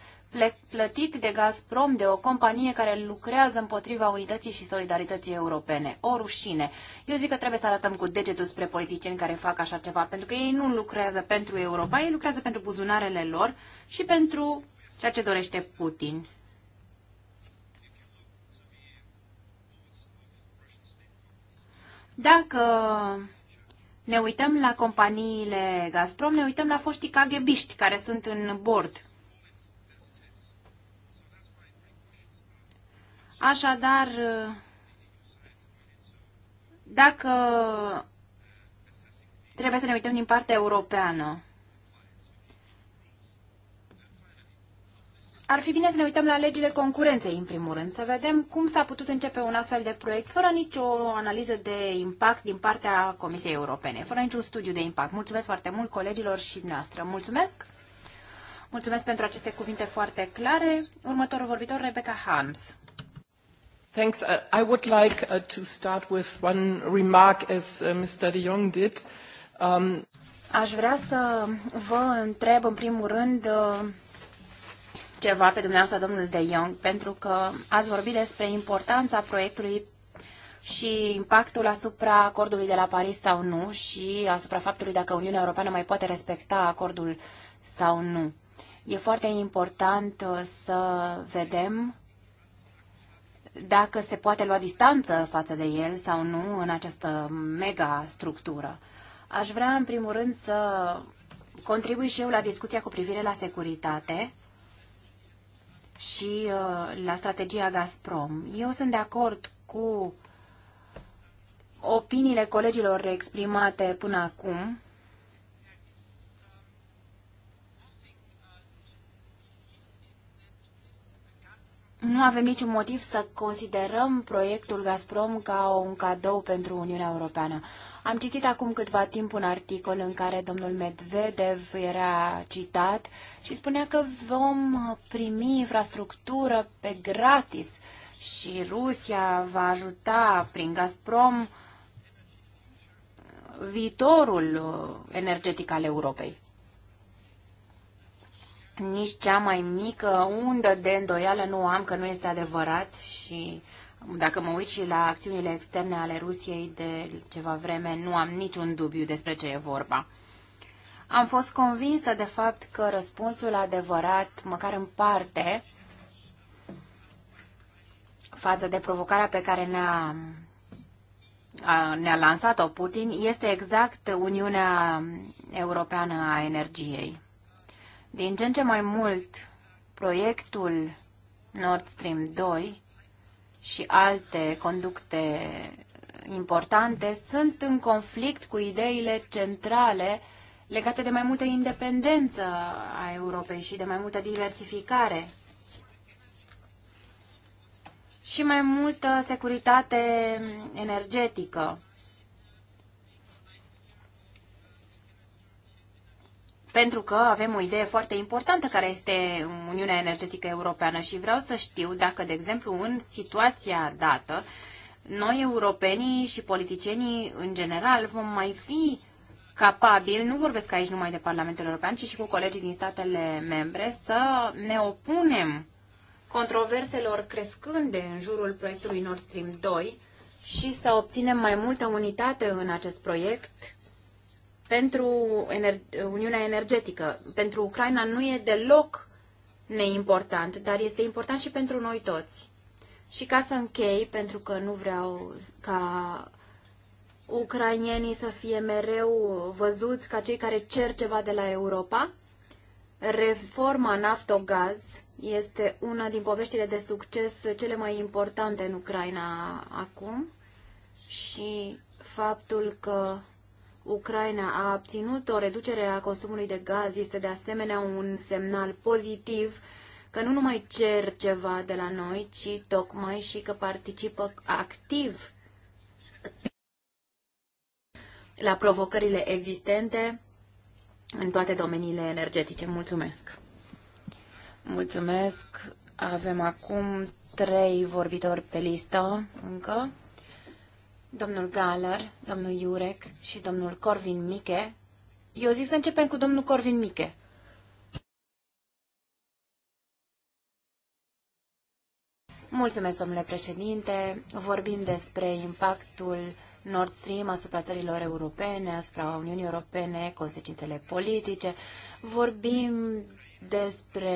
plătit de Gazprom, de o companie care lucrează împotriva unității și solidarității europene. O rușine. Eu zic că trebuie să arătăm cu degetul spre politicieni care fac așa ceva, pentru că ei nu lucrează pentru Europa, ei lucrează pentru buzunarele lor și pentru ceea ce dorește Putin. Dacă ne uităm la companiile Gazprom, ne uităm la foștii KGBiști care sunt în bord Așadar, dacă trebuie să ne uităm din partea europeană, ar fi bine să ne uităm la legile concurenței, în primul rând, să vedem cum s-a putut începe un astfel de proiect fără nicio analiză de impact din partea Comisiei Europene, fără niciun studiu de impact. Mulțumesc foarte mult colegilor și noastră. Mulțumesc! Mulțumesc pentru aceste cuvinte foarte clare. Următorul vorbitor, Rebecca Harms. Thanks. Uh, I would like uh, to start with one remark, as uh, Mr. de Jong did. Um, Aș vrea să vă întreb, în primul rând, uh, ceva pe dumneavoastră, domnul de Jong, pentru că ați vorbit despre importanța proiectului și impactul asupra acordului de la Paris sau nu și asupra faptului dacă Uniunea Europeană mai poate respecta acordul sau nu. E foarte important uh, să vedem dacă se poate lua distanță față de el sau nu în această mega structură. Aș vrea, în primul rând, să contribui și eu la discuția cu privire la securitate și uh, la strategia Gazprom. Eu sunt de acord cu opiniile colegilor exprimate până acum Nu avem niciun motiv să considerăm proiectul Gazprom ca un cadou pentru Uniunea Europeană. Am citit acum câtva timp un articol în care domnul Medvedev era citat și spunea că vom primi infrastructură pe gratis și Rusia va ajuta prin Gazprom viitorul energetic al Europei nici cea mai mică undă de îndoială nu am că nu este adevărat și dacă mă uit și la acțiunile externe ale Rusiei de ceva vreme, nu am niciun dubiu despre ce e vorba. Am fost convinsă de fapt că răspunsul adevărat, măcar în parte, față de provocarea pe care ne-a ne-a lansat-o Putin este exact Uniunea Europeană a Energiei. Din ce în ce mai mult, proiectul Nord Stream 2 și alte conducte importante sunt în conflict cu ideile centrale legate de mai multă independență a Europei și de mai multă diversificare și mai multă securitate energetică. pentru că avem o idee foarte importantă care este Uniunea Energetică Europeană și vreau să știu dacă, de exemplu, în situația dată, noi europenii și politicienii în general vom mai fi capabili, nu vorbesc aici numai de Parlamentul European, ci și cu colegii din statele membre, să ne opunem controverselor crescânde în jurul proiectului Nord Stream 2 și să obținem mai multă unitate în acest proiect pentru ener- Uniunea Energetică. Pentru Ucraina nu e deloc neimportant, dar este important și pentru noi toți. Și ca să închei, pentru că nu vreau ca ucrainienii să fie mereu văzuți ca cei care cer ceva de la Europa, reforma naftogaz este una din poveștile de succes cele mai importante în Ucraina acum și faptul că Ucraina a obținut o reducere a consumului de gaz este de asemenea un semnal pozitiv că nu numai cer ceva de la noi, ci tocmai și că participă activ la provocările existente în toate domeniile energetice. Mulțumesc! Mulțumesc! Avem acum trei vorbitori pe listă încă domnul Galer, domnul Iurec și domnul Corvin Miche. Eu zic să începem cu domnul Corvin Miche. Mulțumesc, domnule președinte. Vorbim despre impactul Nord Stream, asupra țărilor europene, asupra Uniunii Europene, consecințele politice. Vorbim despre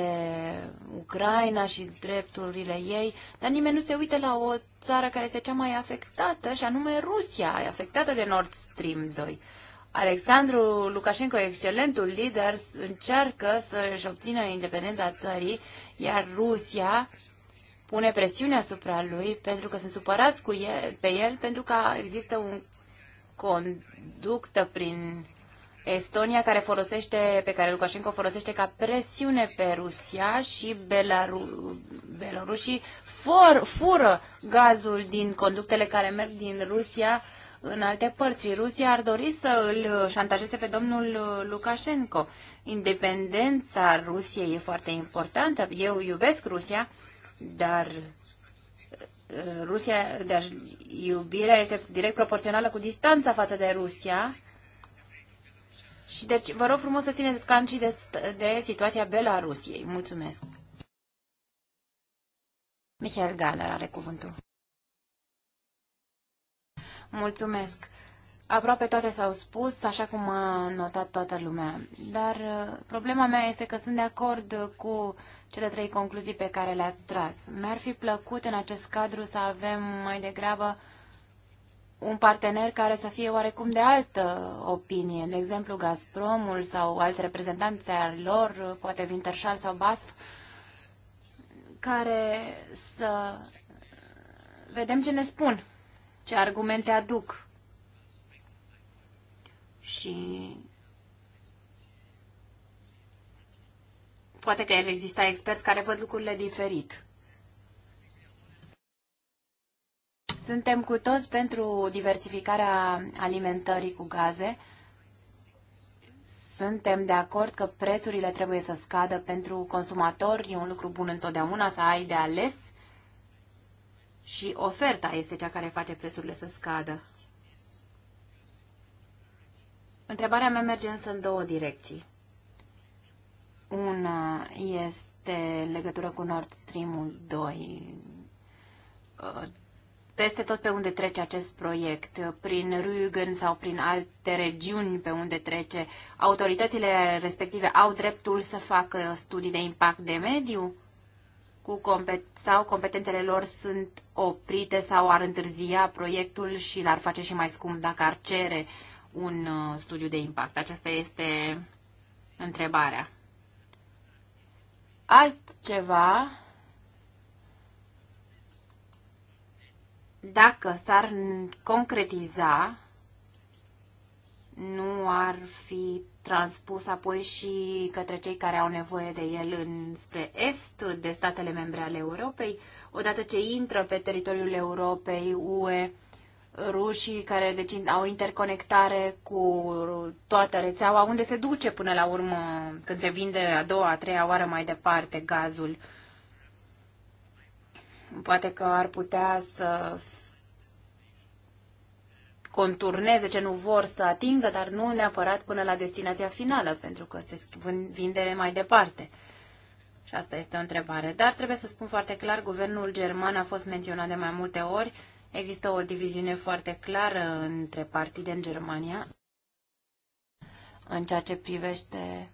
Ucraina și drepturile ei, dar nimeni nu se uită la o țară care este cea mai afectată, și anume Rusia, afectată de Nord Stream 2. Alexandru Lukashenko, excelentul lider, încearcă să-și obțină independența țării, iar Rusia pune presiune asupra lui pentru că sunt supărați cu el, pe el pentru că există un conductă prin Estonia care folosește, pe care Lukashenko folosește ca presiune pe Rusia și Belaru, Belarusii for, fură gazul din conductele care merg din Rusia în alte părți și Rusia ar dori să îl șantajeze pe domnul Lukashenko. Independența Rusiei e foarte importantă. Eu iubesc Rusia, dar uh, Rusia, dar iubirea este direct proporțională cu distanța față de Rusia. Și deci vă rog frumos să țineți cont și de, de situația Belarusiei. Mulțumesc. Michael Galler are cuvântul. Mulțumesc. Aproape toate s-au spus, așa cum a notat toată lumea. Dar uh, problema mea este că sunt de acord cu cele trei concluzii pe care le-ați tras. Mi-ar fi plăcut în acest cadru să avem mai degrabă un partener care să fie oarecum de altă opinie, de exemplu Gazpromul sau alți reprezentanți al lor, poate Wintershall sau BASF, care să vedem ce ne spun, ce argumente aduc și poate că exista experți care văd lucrurile diferit. Suntem cu toți pentru diversificarea alimentării cu gaze. Suntem de acord că prețurile trebuie să scadă pentru consumatori E un lucru bun întotdeauna să ai de ales și oferta este cea care face prețurile să scadă. Întrebarea mea merge însă în două direcții. Una este legătură cu Nord Stream 2. Uh, peste tot pe unde trece acest proiect, prin Rügen sau prin alte regiuni pe unde trece, autoritățile respective au dreptul să facă studii de impact de mediu? Cu compet- sau competentele lor sunt oprite sau ar întârzia proiectul și l-ar face și mai scump dacă ar cere uh, un uh, studiu de impact? Aceasta este întrebarea. Altceva, dacă s-ar concretiza, nu ar fi transpus apoi și către cei care au nevoie de el în spre est, de statele membre ale Europei, odată ce intră pe teritoriul Europei, UE, rușii care deci, au interconectare cu toată rețeaua, unde se duce până la urmă când se vinde a doua, a treia oară mai departe gazul. Poate că ar putea să conturneze ce nu vor să atingă, dar nu neapărat până la destinația finală, pentru că se vinde mai departe. Și asta este o întrebare. Dar trebuie să spun foarte clar, guvernul german a fost menționat de mai multe ori Există o diviziune foarte clară între partide în Germania în ceea ce privește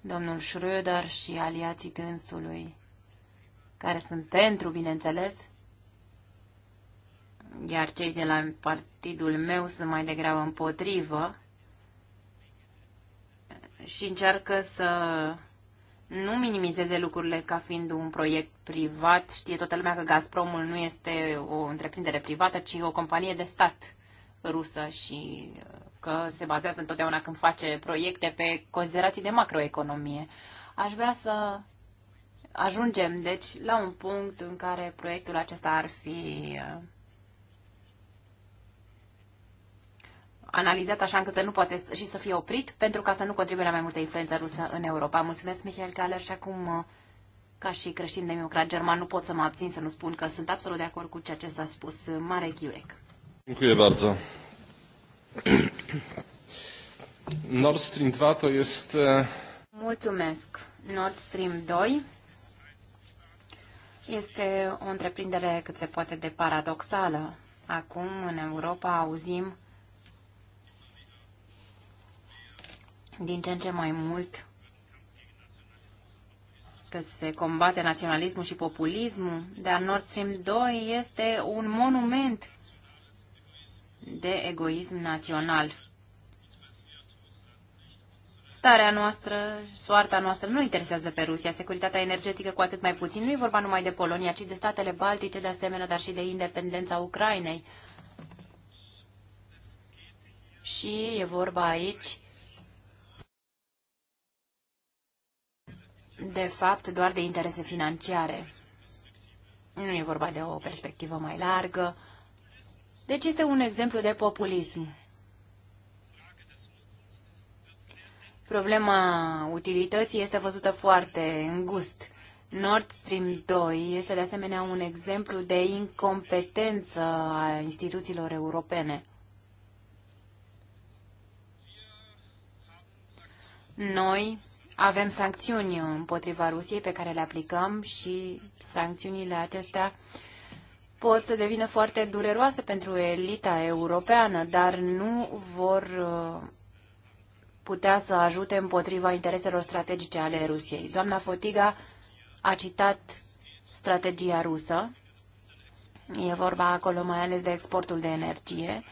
domnul Schröder și aliații dânsului, care sunt pentru, bineînțeles, iar cei de la partidul meu sunt mai degrabă împotrivă și încearcă să nu minimizeze lucrurile ca fiind un proiect privat. Știe toată lumea că Gazpromul nu este o întreprindere privată, ci o companie de stat rusă și uh, că se bazează întotdeauna când face proiecte pe considerații de macroeconomie. Aș vrea să ajungem, deci, la un punct în care proiectul acesta ar fi uh, analizat așa încât să nu poate și să fie oprit pentru ca să nu contribuie la mai multă influență rusă în Europa. Mulțumesc, Michael Galer, și acum, uh, ca și creștin democrat german, nu pot să mă abțin să nu spun că sunt absolut de acord cu ceea ce s-a spus uh, Mare Iurec. Dziękuję bardzo. Nord Stream 2 to jest... Mulțumesc. Nord Stream 2 este o întreprindere cât se poate de paradoxală. Acum, în Europa, auzim din ce în ce mai mult că se combate naționalismul și populismul, dar Nord Stream 2 este un monument de egoism național. Starea noastră, soarta noastră nu interesează pe Rusia, securitatea energetică cu atât mai puțin. Nu e vorba numai de Polonia, ci de statele baltice de asemenea, dar și de independența Ucrainei. Și e vorba aici de fapt doar de interese financiare. Nu e vorba de o perspectivă mai largă. Deci este un exemplu de populism. Problema utilității este văzută foarte îngust. Nord Stream 2 este de asemenea un exemplu de incompetență a instituțiilor europene. Noi avem sancțiuni împotriva Rusiei pe care le aplicăm și sancțiunile acestea pot să devină foarte dureroase pentru elita europeană, dar nu vor uh, putea să ajute împotriva intereselor strategice ale Rusiei. Doamna Fotiga a citat strategia rusă. E vorba acolo mai ales de exportul de energie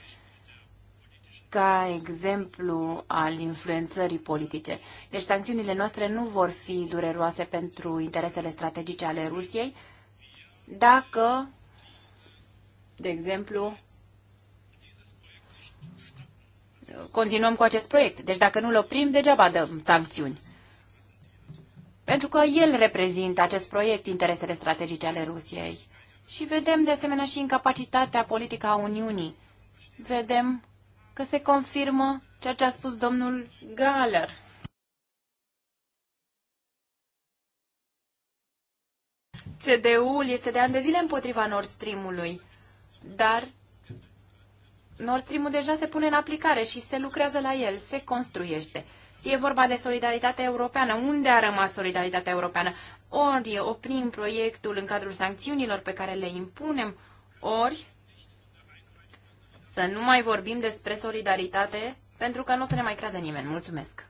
ca exemplu al influențării politice. Deci sancțiunile noastre nu vor fi dureroase pentru interesele strategice ale Rusiei dacă, de exemplu, continuăm cu acest proiect. Deci dacă nu-l oprim, degeaba dăm sancțiuni. Pentru că el reprezintă acest proiect interesele strategice ale Rusiei. Și vedem de asemenea și incapacitatea politică a Uniunii. Vedem că se confirmă ceea ce a spus domnul Galer. CDU-ul este de ani de zile împotriva Nord Stream-ului, dar Nord Stream-ul deja se pune în aplicare și se lucrează la el, se construiește. E vorba de solidaritatea europeană. Unde a rămas solidaritatea europeană? Ori oprim proiectul în cadrul sancțiunilor pe care le impunem, ori să nu mai vorbim despre solidaritate, pentru că nu o să ne mai creadă nimeni. Mulțumesc!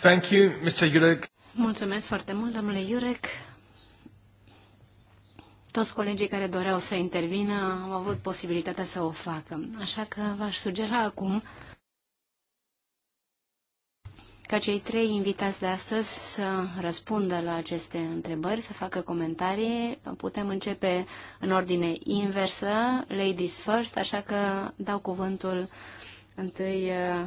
Thank you, Mr. Jurek. Mulțumesc foarte mult, domnule Iurec. Toți colegii care doreau să intervină au avut posibilitatea să o facă. Așa că v-aș sugera acum ca cei trei invitați de astăzi să răspundă la aceste întrebări, să facă comentarii. Putem începe în ordine inversă, ladies first, așa că dau cuvântul întâi uh,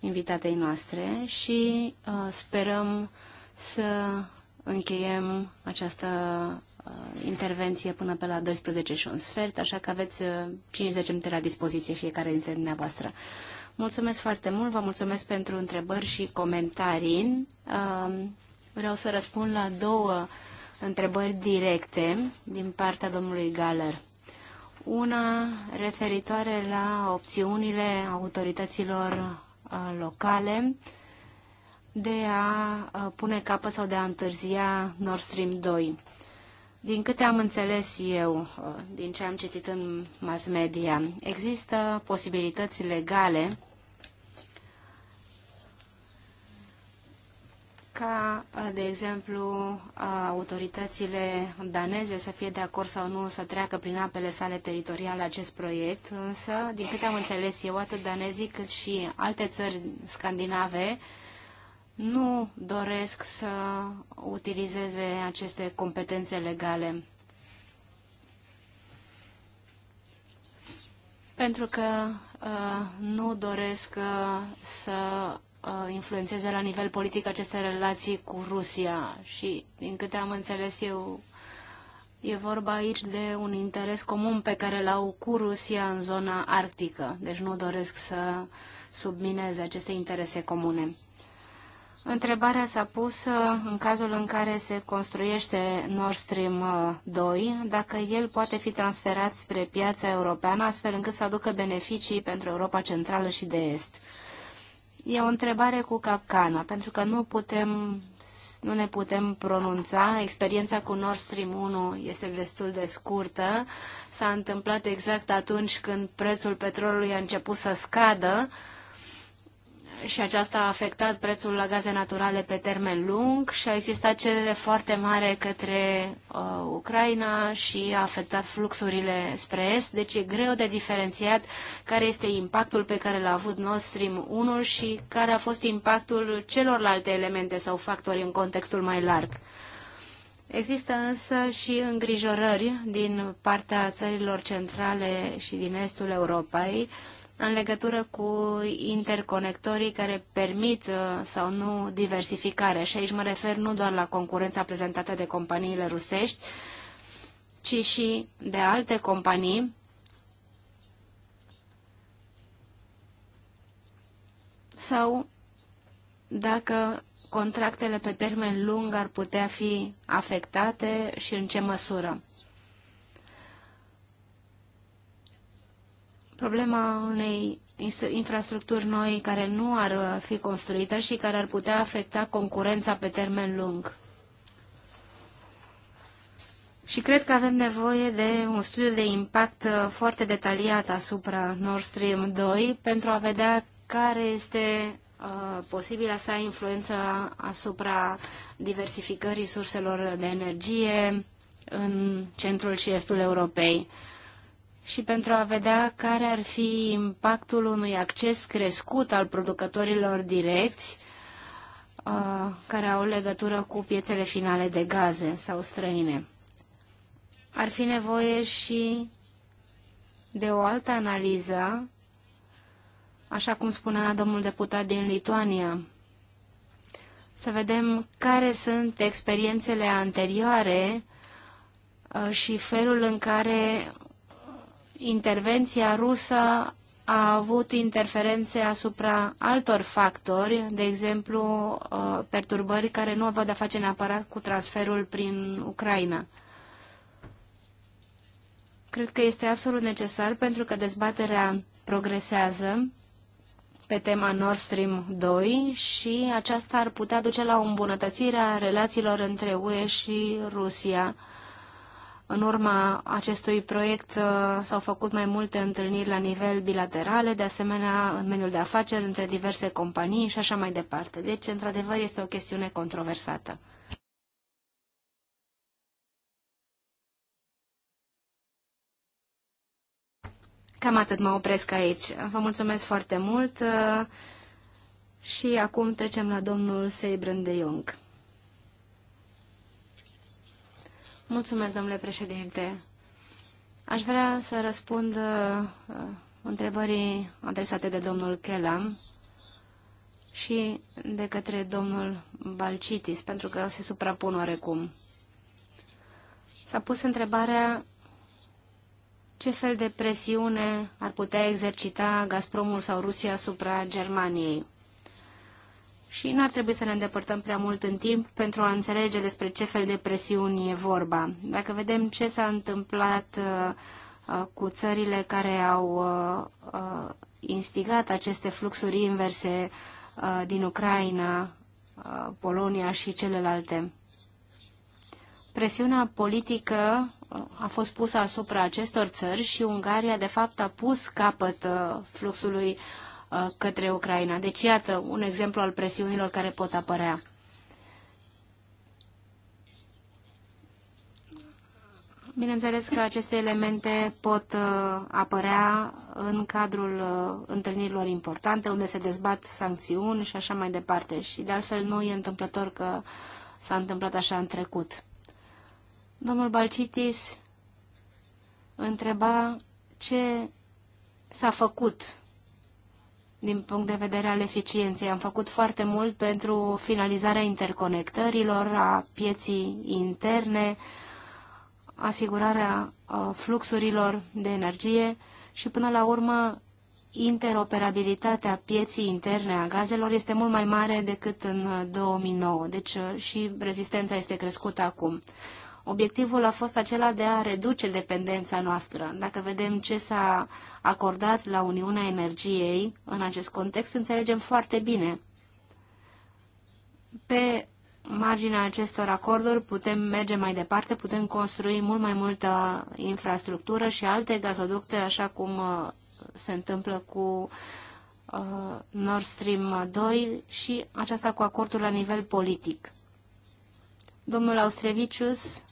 invitatei noastre și uh, sperăm să încheiem această uh, intervenție până pe la 12 și un sfert, așa că aveți 5 minute la dispoziție fiecare dintre dumneavoastră. Mulțumesc foarte mult, vă mulțumesc pentru întrebări și comentarii. Um, vreau să răspund la două întrebări directe din partea domnului Galer. Una referitoare la opțiunile autorităților uh, locale de a uh, pune capăt sau de a întârzia Nord Stream 2. Din câte am înțeles eu, uh, din ce am citit în mass media, există posibilități legale ca, uh, de exemplu, uh, autoritățile daneze să fie de acord sau nu să treacă prin apele sale teritoriale acest proiect, însă, din câte am înțeles eu, atât danezii cât și alte țări scandinave nu doresc să utilizeze aceste competențe legale. Pentru că uh, nu doresc uh, să uh, influențeze la nivel politic aceste relații cu Rusia și, din câte am înțeles eu, e vorba aici de un interes comun pe care l-au cu Rusia în zona arctică. Deci nu doresc să submineze aceste interese comune. Întrebarea s-a pus uh, în cazul în care se construiește Nord Stream 2, uh, dacă el poate fi transferat spre piața europeană, astfel încât să aducă beneficii pentru Europa Centrală și de Est. E o întrebare cu capcana, pentru că nu putem nu ne putem pronunța. Experiența cu Nord Stream 1 este destul de scurtă. S-a întâmplat exact atunci când prețul petrolului a început să scadă, uh, și aceasta a afectat prețul la gaze naturale pe termen lung și a existat cerere foarte mare către uh, Ucraina și a afectat fluxurile spre est, deci e greu de diferențiat care este impactul pe care l-a avut Nord Stream 1 și care a fost impactul celorlalte elemente sau factori în contextul mai larg. Există însă și îngrijorări din partea țărilor centrale și din estul Europei, uh, în legătură cu interconectorii care permit uh, sau nu diversificare. Și aici mă refer nu doar la concurența prezentată de companiile rusești, ci și de alte companii sau dacă contractele pe termen lung ar putea fi afectate și în ce măsură. problema unei infrastructuri noi care nu ar uh, fi construită și care ar putea afecta concurența pe termen lung. Și cred că avem nevoie de un studiu de impact uh, foarte detaliat asupra Nord Stream 2 pentru a vedea care este uh, posibilă sa influență asupra diversificării surselor de energie în centrul și estul Europei. Uh, și pentru a vedea care ar fi impactul unui acces crescut al producătorilor direcți uh, care au legătură cu piețele finale de gaze sau străine. Ar fi nevoie și de o altă analiză, așa cum spunea domnul deputat din Lituania, să vedem care sunt experiențele anterioare uh, și felul în care intervenția rusă a avut interferențe asupra altor factori, de exemplu uh, perturbări care nu aveau de-a face neapărat cu transferul prin Ucraina. Cred că este absolut necesar pentru că dezbaterea progresează pe tema Nord Stream 2 și aceasta ar putea duce la o îmbunătățire a relațiilor între UE și Rusia în urma acestui proiect uh, s-au făcut mai multe întâlniri la nivel bilaterale, de asemenea în mediul de afaceri, între diverse companii și așa mai departe. Deci, într-adevăr, este o chestiune controversată. Cam atât mă opresc aici. Vă mulțumesc foarte mult uh, și acum trecem la domnul Seibrân de Jung. Mulțumesc, domnule președinte. Aș vrea să răspund uh, uh, întrebării adresate de domnul Kelam și de către domnul Balcitis, pentru că se suprapun oarecum. S-a pus întrebarea ce fel de presiune ar putea exercita Gazpromul sau Rusia asupra Germaniei și n-ar trebui să ne îndepărtăm prea mult în timp pentru a înțelege despre ce fel de presiuni e vorba. Dacă vedem ce s-a întâmplat uh, uh, cu țările care au uh, instigat aceste fluxuri inverse din Ucraina, Polonia și celelalte. Presiunea politică a fost pusă asupra acestor țări și Ungaria, de fapt, a pus capăt fluxului uh, Uh, către Ucraina. Deci, iată un exemplu al presiunilor care pot apărea. Bineînțeles că aceste elemente pot uh, apărea în cadrul uh, întâlnirilor importante, unde se dezbat sancțiuni și așa mai departe. Și de altfel nu e întâmplător că s-a întâmplat așa în trecut. Domnul Balcitis întreba ce s-a făcut din punct de vedere al eficienței. Am făcut foarte mult pentru finalizarea interconectărilor, a pieții interne, asigurarea uh, fluxurilor de energie și până la urmă interoperabilitatea pieții interne a gazelor este mult mai mare decât în 2009, uh, deci uh, și rezistența este crescută acum. Obiectivul a fost acela de a reduce dependența noastră. Dacă vedem ce s-a acordat la Uniunea Energiei în acest context, înțelegem foarte bine. Pe marginea acestor acorduri putem merge mai departe, putem construi mult mai multă infrastructură și alte gazoducte, așa cum uh, se întâmplă cu uh, Nord Stream 2 și aceasta cu acordul la nivel politic. Domnul Austrevicius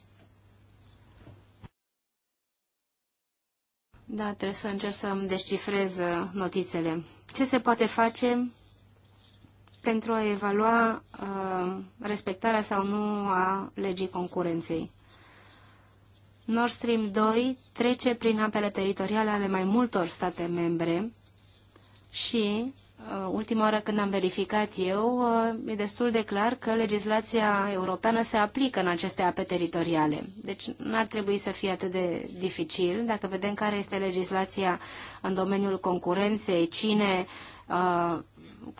Da, trebuie să încerc să mi descifrez uh, notițele. Ce se poate face pentru a evalua uh, respectarea sau nu a legii concurenței? Nord Stream 2 trece prin apele teritoriale ale mai multor state membre și Uh, ultima oară când am verificat eu, uh, e destul de clar că legislația europeană se aplică în aceste ape teritoriale. Deci n-ar trebui să fie atât de dificil. Dacă vedem care este legislația în domeniul concurenței, cine uh,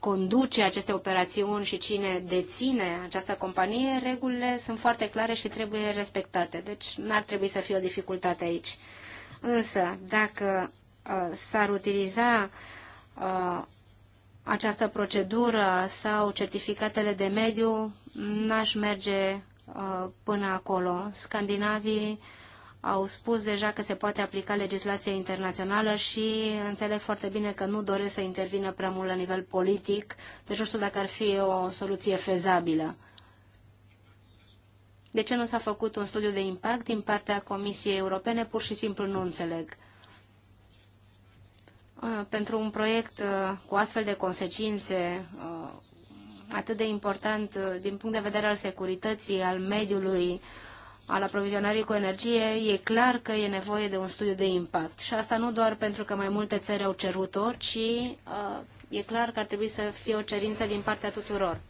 conduce aceste operațiuni și cine deține această companie, regulile sunt foarte clare și trebuie respectate. Deci n-ar trebui să fie o dificultate aici. Însă, dacă uh, s-ar utiliza uh, această procedură sau certificatele de mediu, n-aș merge uh, până acolo. Scandinavii au spus deja că se poate aplica legislația internațională și înțeleg foarte bine că nu doresc să intervină prea mult la nivel politic, deci nu știu dacă ar fi o soluție fezabilă. De ce nu s-a făcut un studiu de impact din partea Comisiei Europene? Pur și simplu nu înțeleg. Uh, pentru un proiect uh, cu astfel de consecințe uh, atât de important din punct de vedere al securității, al mediului, al aprovizionării cu energie, e clar că e nevoie de un studiu de impact. Și asta nu doar pentru că mai multe țări au cerut-o, ci e clar că ar trebui să fie o cerință din partea tuturor.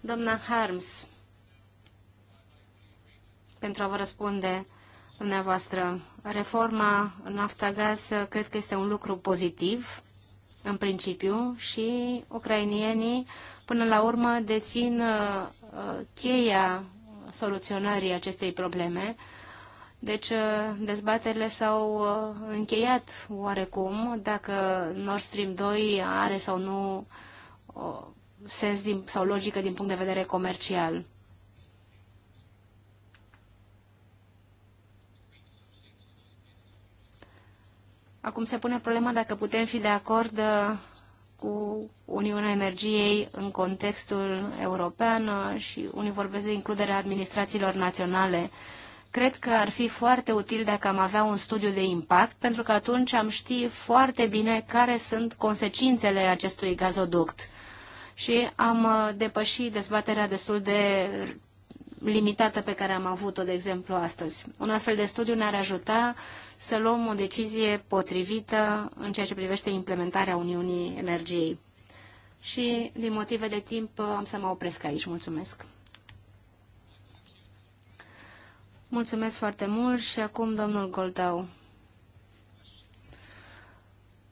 Doamna Harms, pentru a vă răspunde dumneavoastră. Reforma naftagaz cred că este un lucru pozitiv, în principiu, și ucrainienii până la urmă dețin uh, cheia soluționării acestei probleme. Deci uh, dezbaterile s-au uh, încheiat oarecum dacă Nord Stream 2 are sau nu sens din, sau logică din punct de vedere comercial. Acum se pune problema dacă putem fi de acord uh, cu Uniunea Energiei în contextul european uh, și unii vorbesc de includerea administrațiilor naționale. Cred că ar fi foarte util dacă am avea un studiu de impact, pentru că atunci am ști foarte bine care sunt consecințele acestui gazoduct. Și am uh, depășit dezbaterea destul de limitată pe care am avut-o, de exemplu, astăzi. Un astfel de studiu ne-ar ajuta să luăm o decizie potrivită în ceea ce privește implementarea Uniunii Energiei. Și din motive de timp am să mă opresc aici. Mulțumesc! Mulțumesc foarte mult și acum domnul Goldau.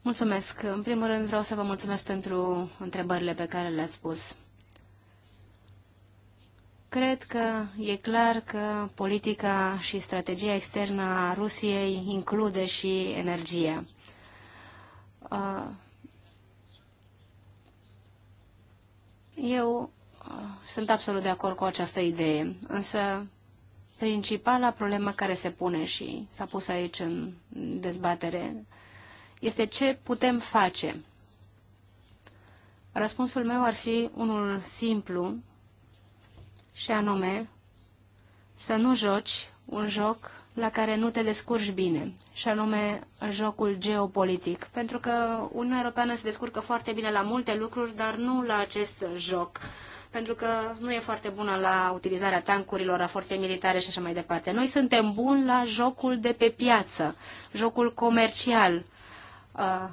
Mulțumesc. În primul rând vreau să vă mulțumesc pentru întrebările pe care le-ați pus. Cred că e clar că politica și strategia externă a Rusiei include și energia. Uh, eu uh, sunt absolut de acord cu această idee, însă principala problemă care se pune și s-a pus aici în dezbatere este ce putem face. Răspunsul meu ar fi unul simplu și anume să nu joci un joc la care nu te descurci bine, și anume jocul geopolitic. Pentru că Uniunea Europeană se descurcă foarte bine la multe lucruri, dar nu la acest joc, pentru că nu e foarte bună la utilizarea tancurilor, a forței militare și așa mai departe. Noi suntem buni la jocul de pe piață, jocul comercial, uh,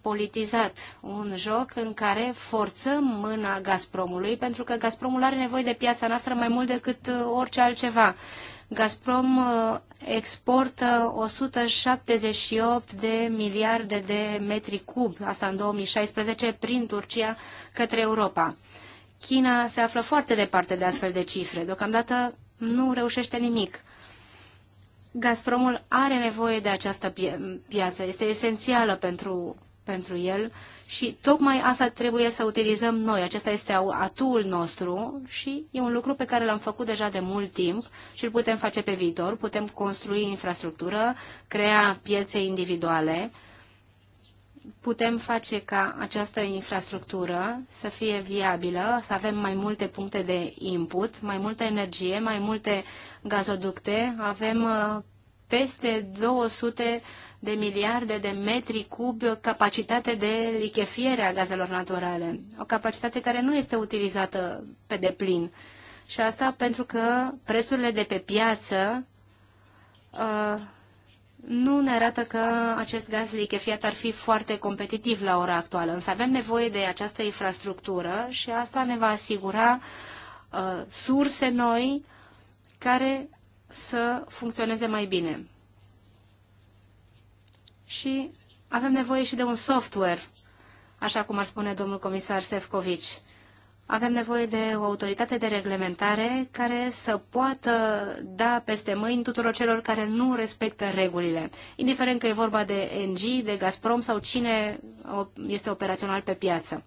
politizat, un joc în care forțăm mâna Gazpromului, pentru că Gazpromul are nevoie de piața noastră mai mult decât uh, orice altceva. Gazprom uh, exportă 178 de miliarde de metri cub, asta în 2016, prin Turcia către Europa. China se află foarte departe de astfel de cifre. Deocamdată nu reușește nimic. Gazpromul are nevoie de această pie- piață, este esențială pentru pentru el și tocmai asta trebuie să utilizăm noi. Acesta este atul nostru și e un lucru pe care l-am făcut deja de mult timp și îl putem face pe viitor. Putem construi infrastructură, crea piețe individuale, putem face ca această infrastructură să fie viabilă, să avem mai multe puncte de input, mai multă energie, mai multe gazoducte. Avem uh, peste 200 de miliarde de metri cubi capacitate de lichefiere a gazelor naturale, o capacitate care nu este utilizată pe deplin. Și asta pentru că prețurile de pe piață uh, nu ne arată că acest gaz lichefiat ar fi foarte competitiv la ora actuală, însă avem nevoie de această infrastructură și asta ne va asigura uh, surse noi care să funcționeze mai bine și avem nevoie și de un software, așa cum ar spune domnul comisar Sefcovici. Avem nevoie de o autoritate de reglementare care să poată da peste mâini tuturor celor care nu respectă regulile, indiferent că e vorba de NG, de Gazprom sau cine este operațional pe piață.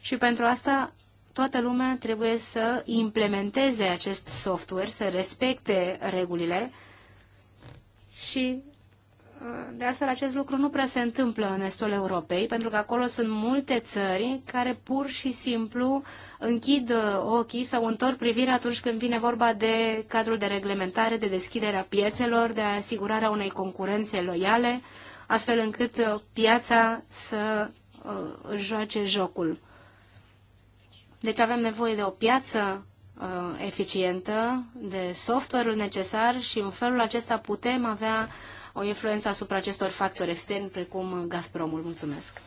Și pentru asta toată lumea trebuie să implementeze acest software, să respecte regulile și de altfel, acest lucru nu prea se întâmplă în estul Europei, pentru că acolo sunt multe țări care pur și simplu închid ochii sau întorc privirea atunci când vine vorba de cadrul de reglementare, de deschiderea piețelor, de asigurarea unei concurențe loiale, astfel încât uh, piața să uh, joace jocul. Deci avem nevoie de o piață uh, eficientă, de software-ul necesar și în felul acesta putem avea o influență asupra acestor factori externi, precum Gazpromul. Mulțumesc!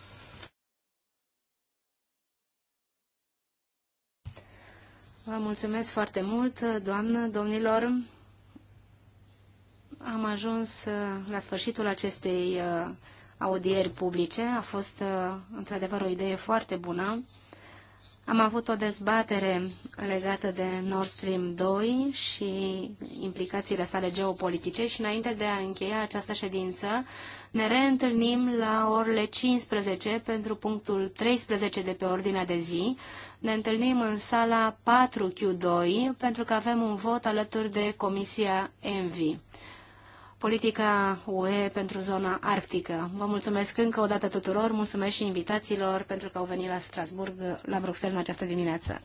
Vă mulțumesc foarte mult, doamnă, domnilor. Am ajuns uh, la sfârșitul acestei uh, audieri publice. A fost, uh, într-adevăr, o idee foarte bună. Am avut o dezbatere legată de Nord Stream 2 și implicațiile sale geopolitice și înainte de a încheia această ședință, ne reîntâlnim la orele 15 pentru punctul 13 de pe ordinea de zi. Ne întâlnim în sala 4Q2 pentru că avem un vot alături de Comisia ENVI politica UE pentru zona arctică. Vă mulțumesc încă o dată tuturor, mulțumesc și invitațiilor pentru că au venit la Strasburg, la Bruxelles, în această dimineață.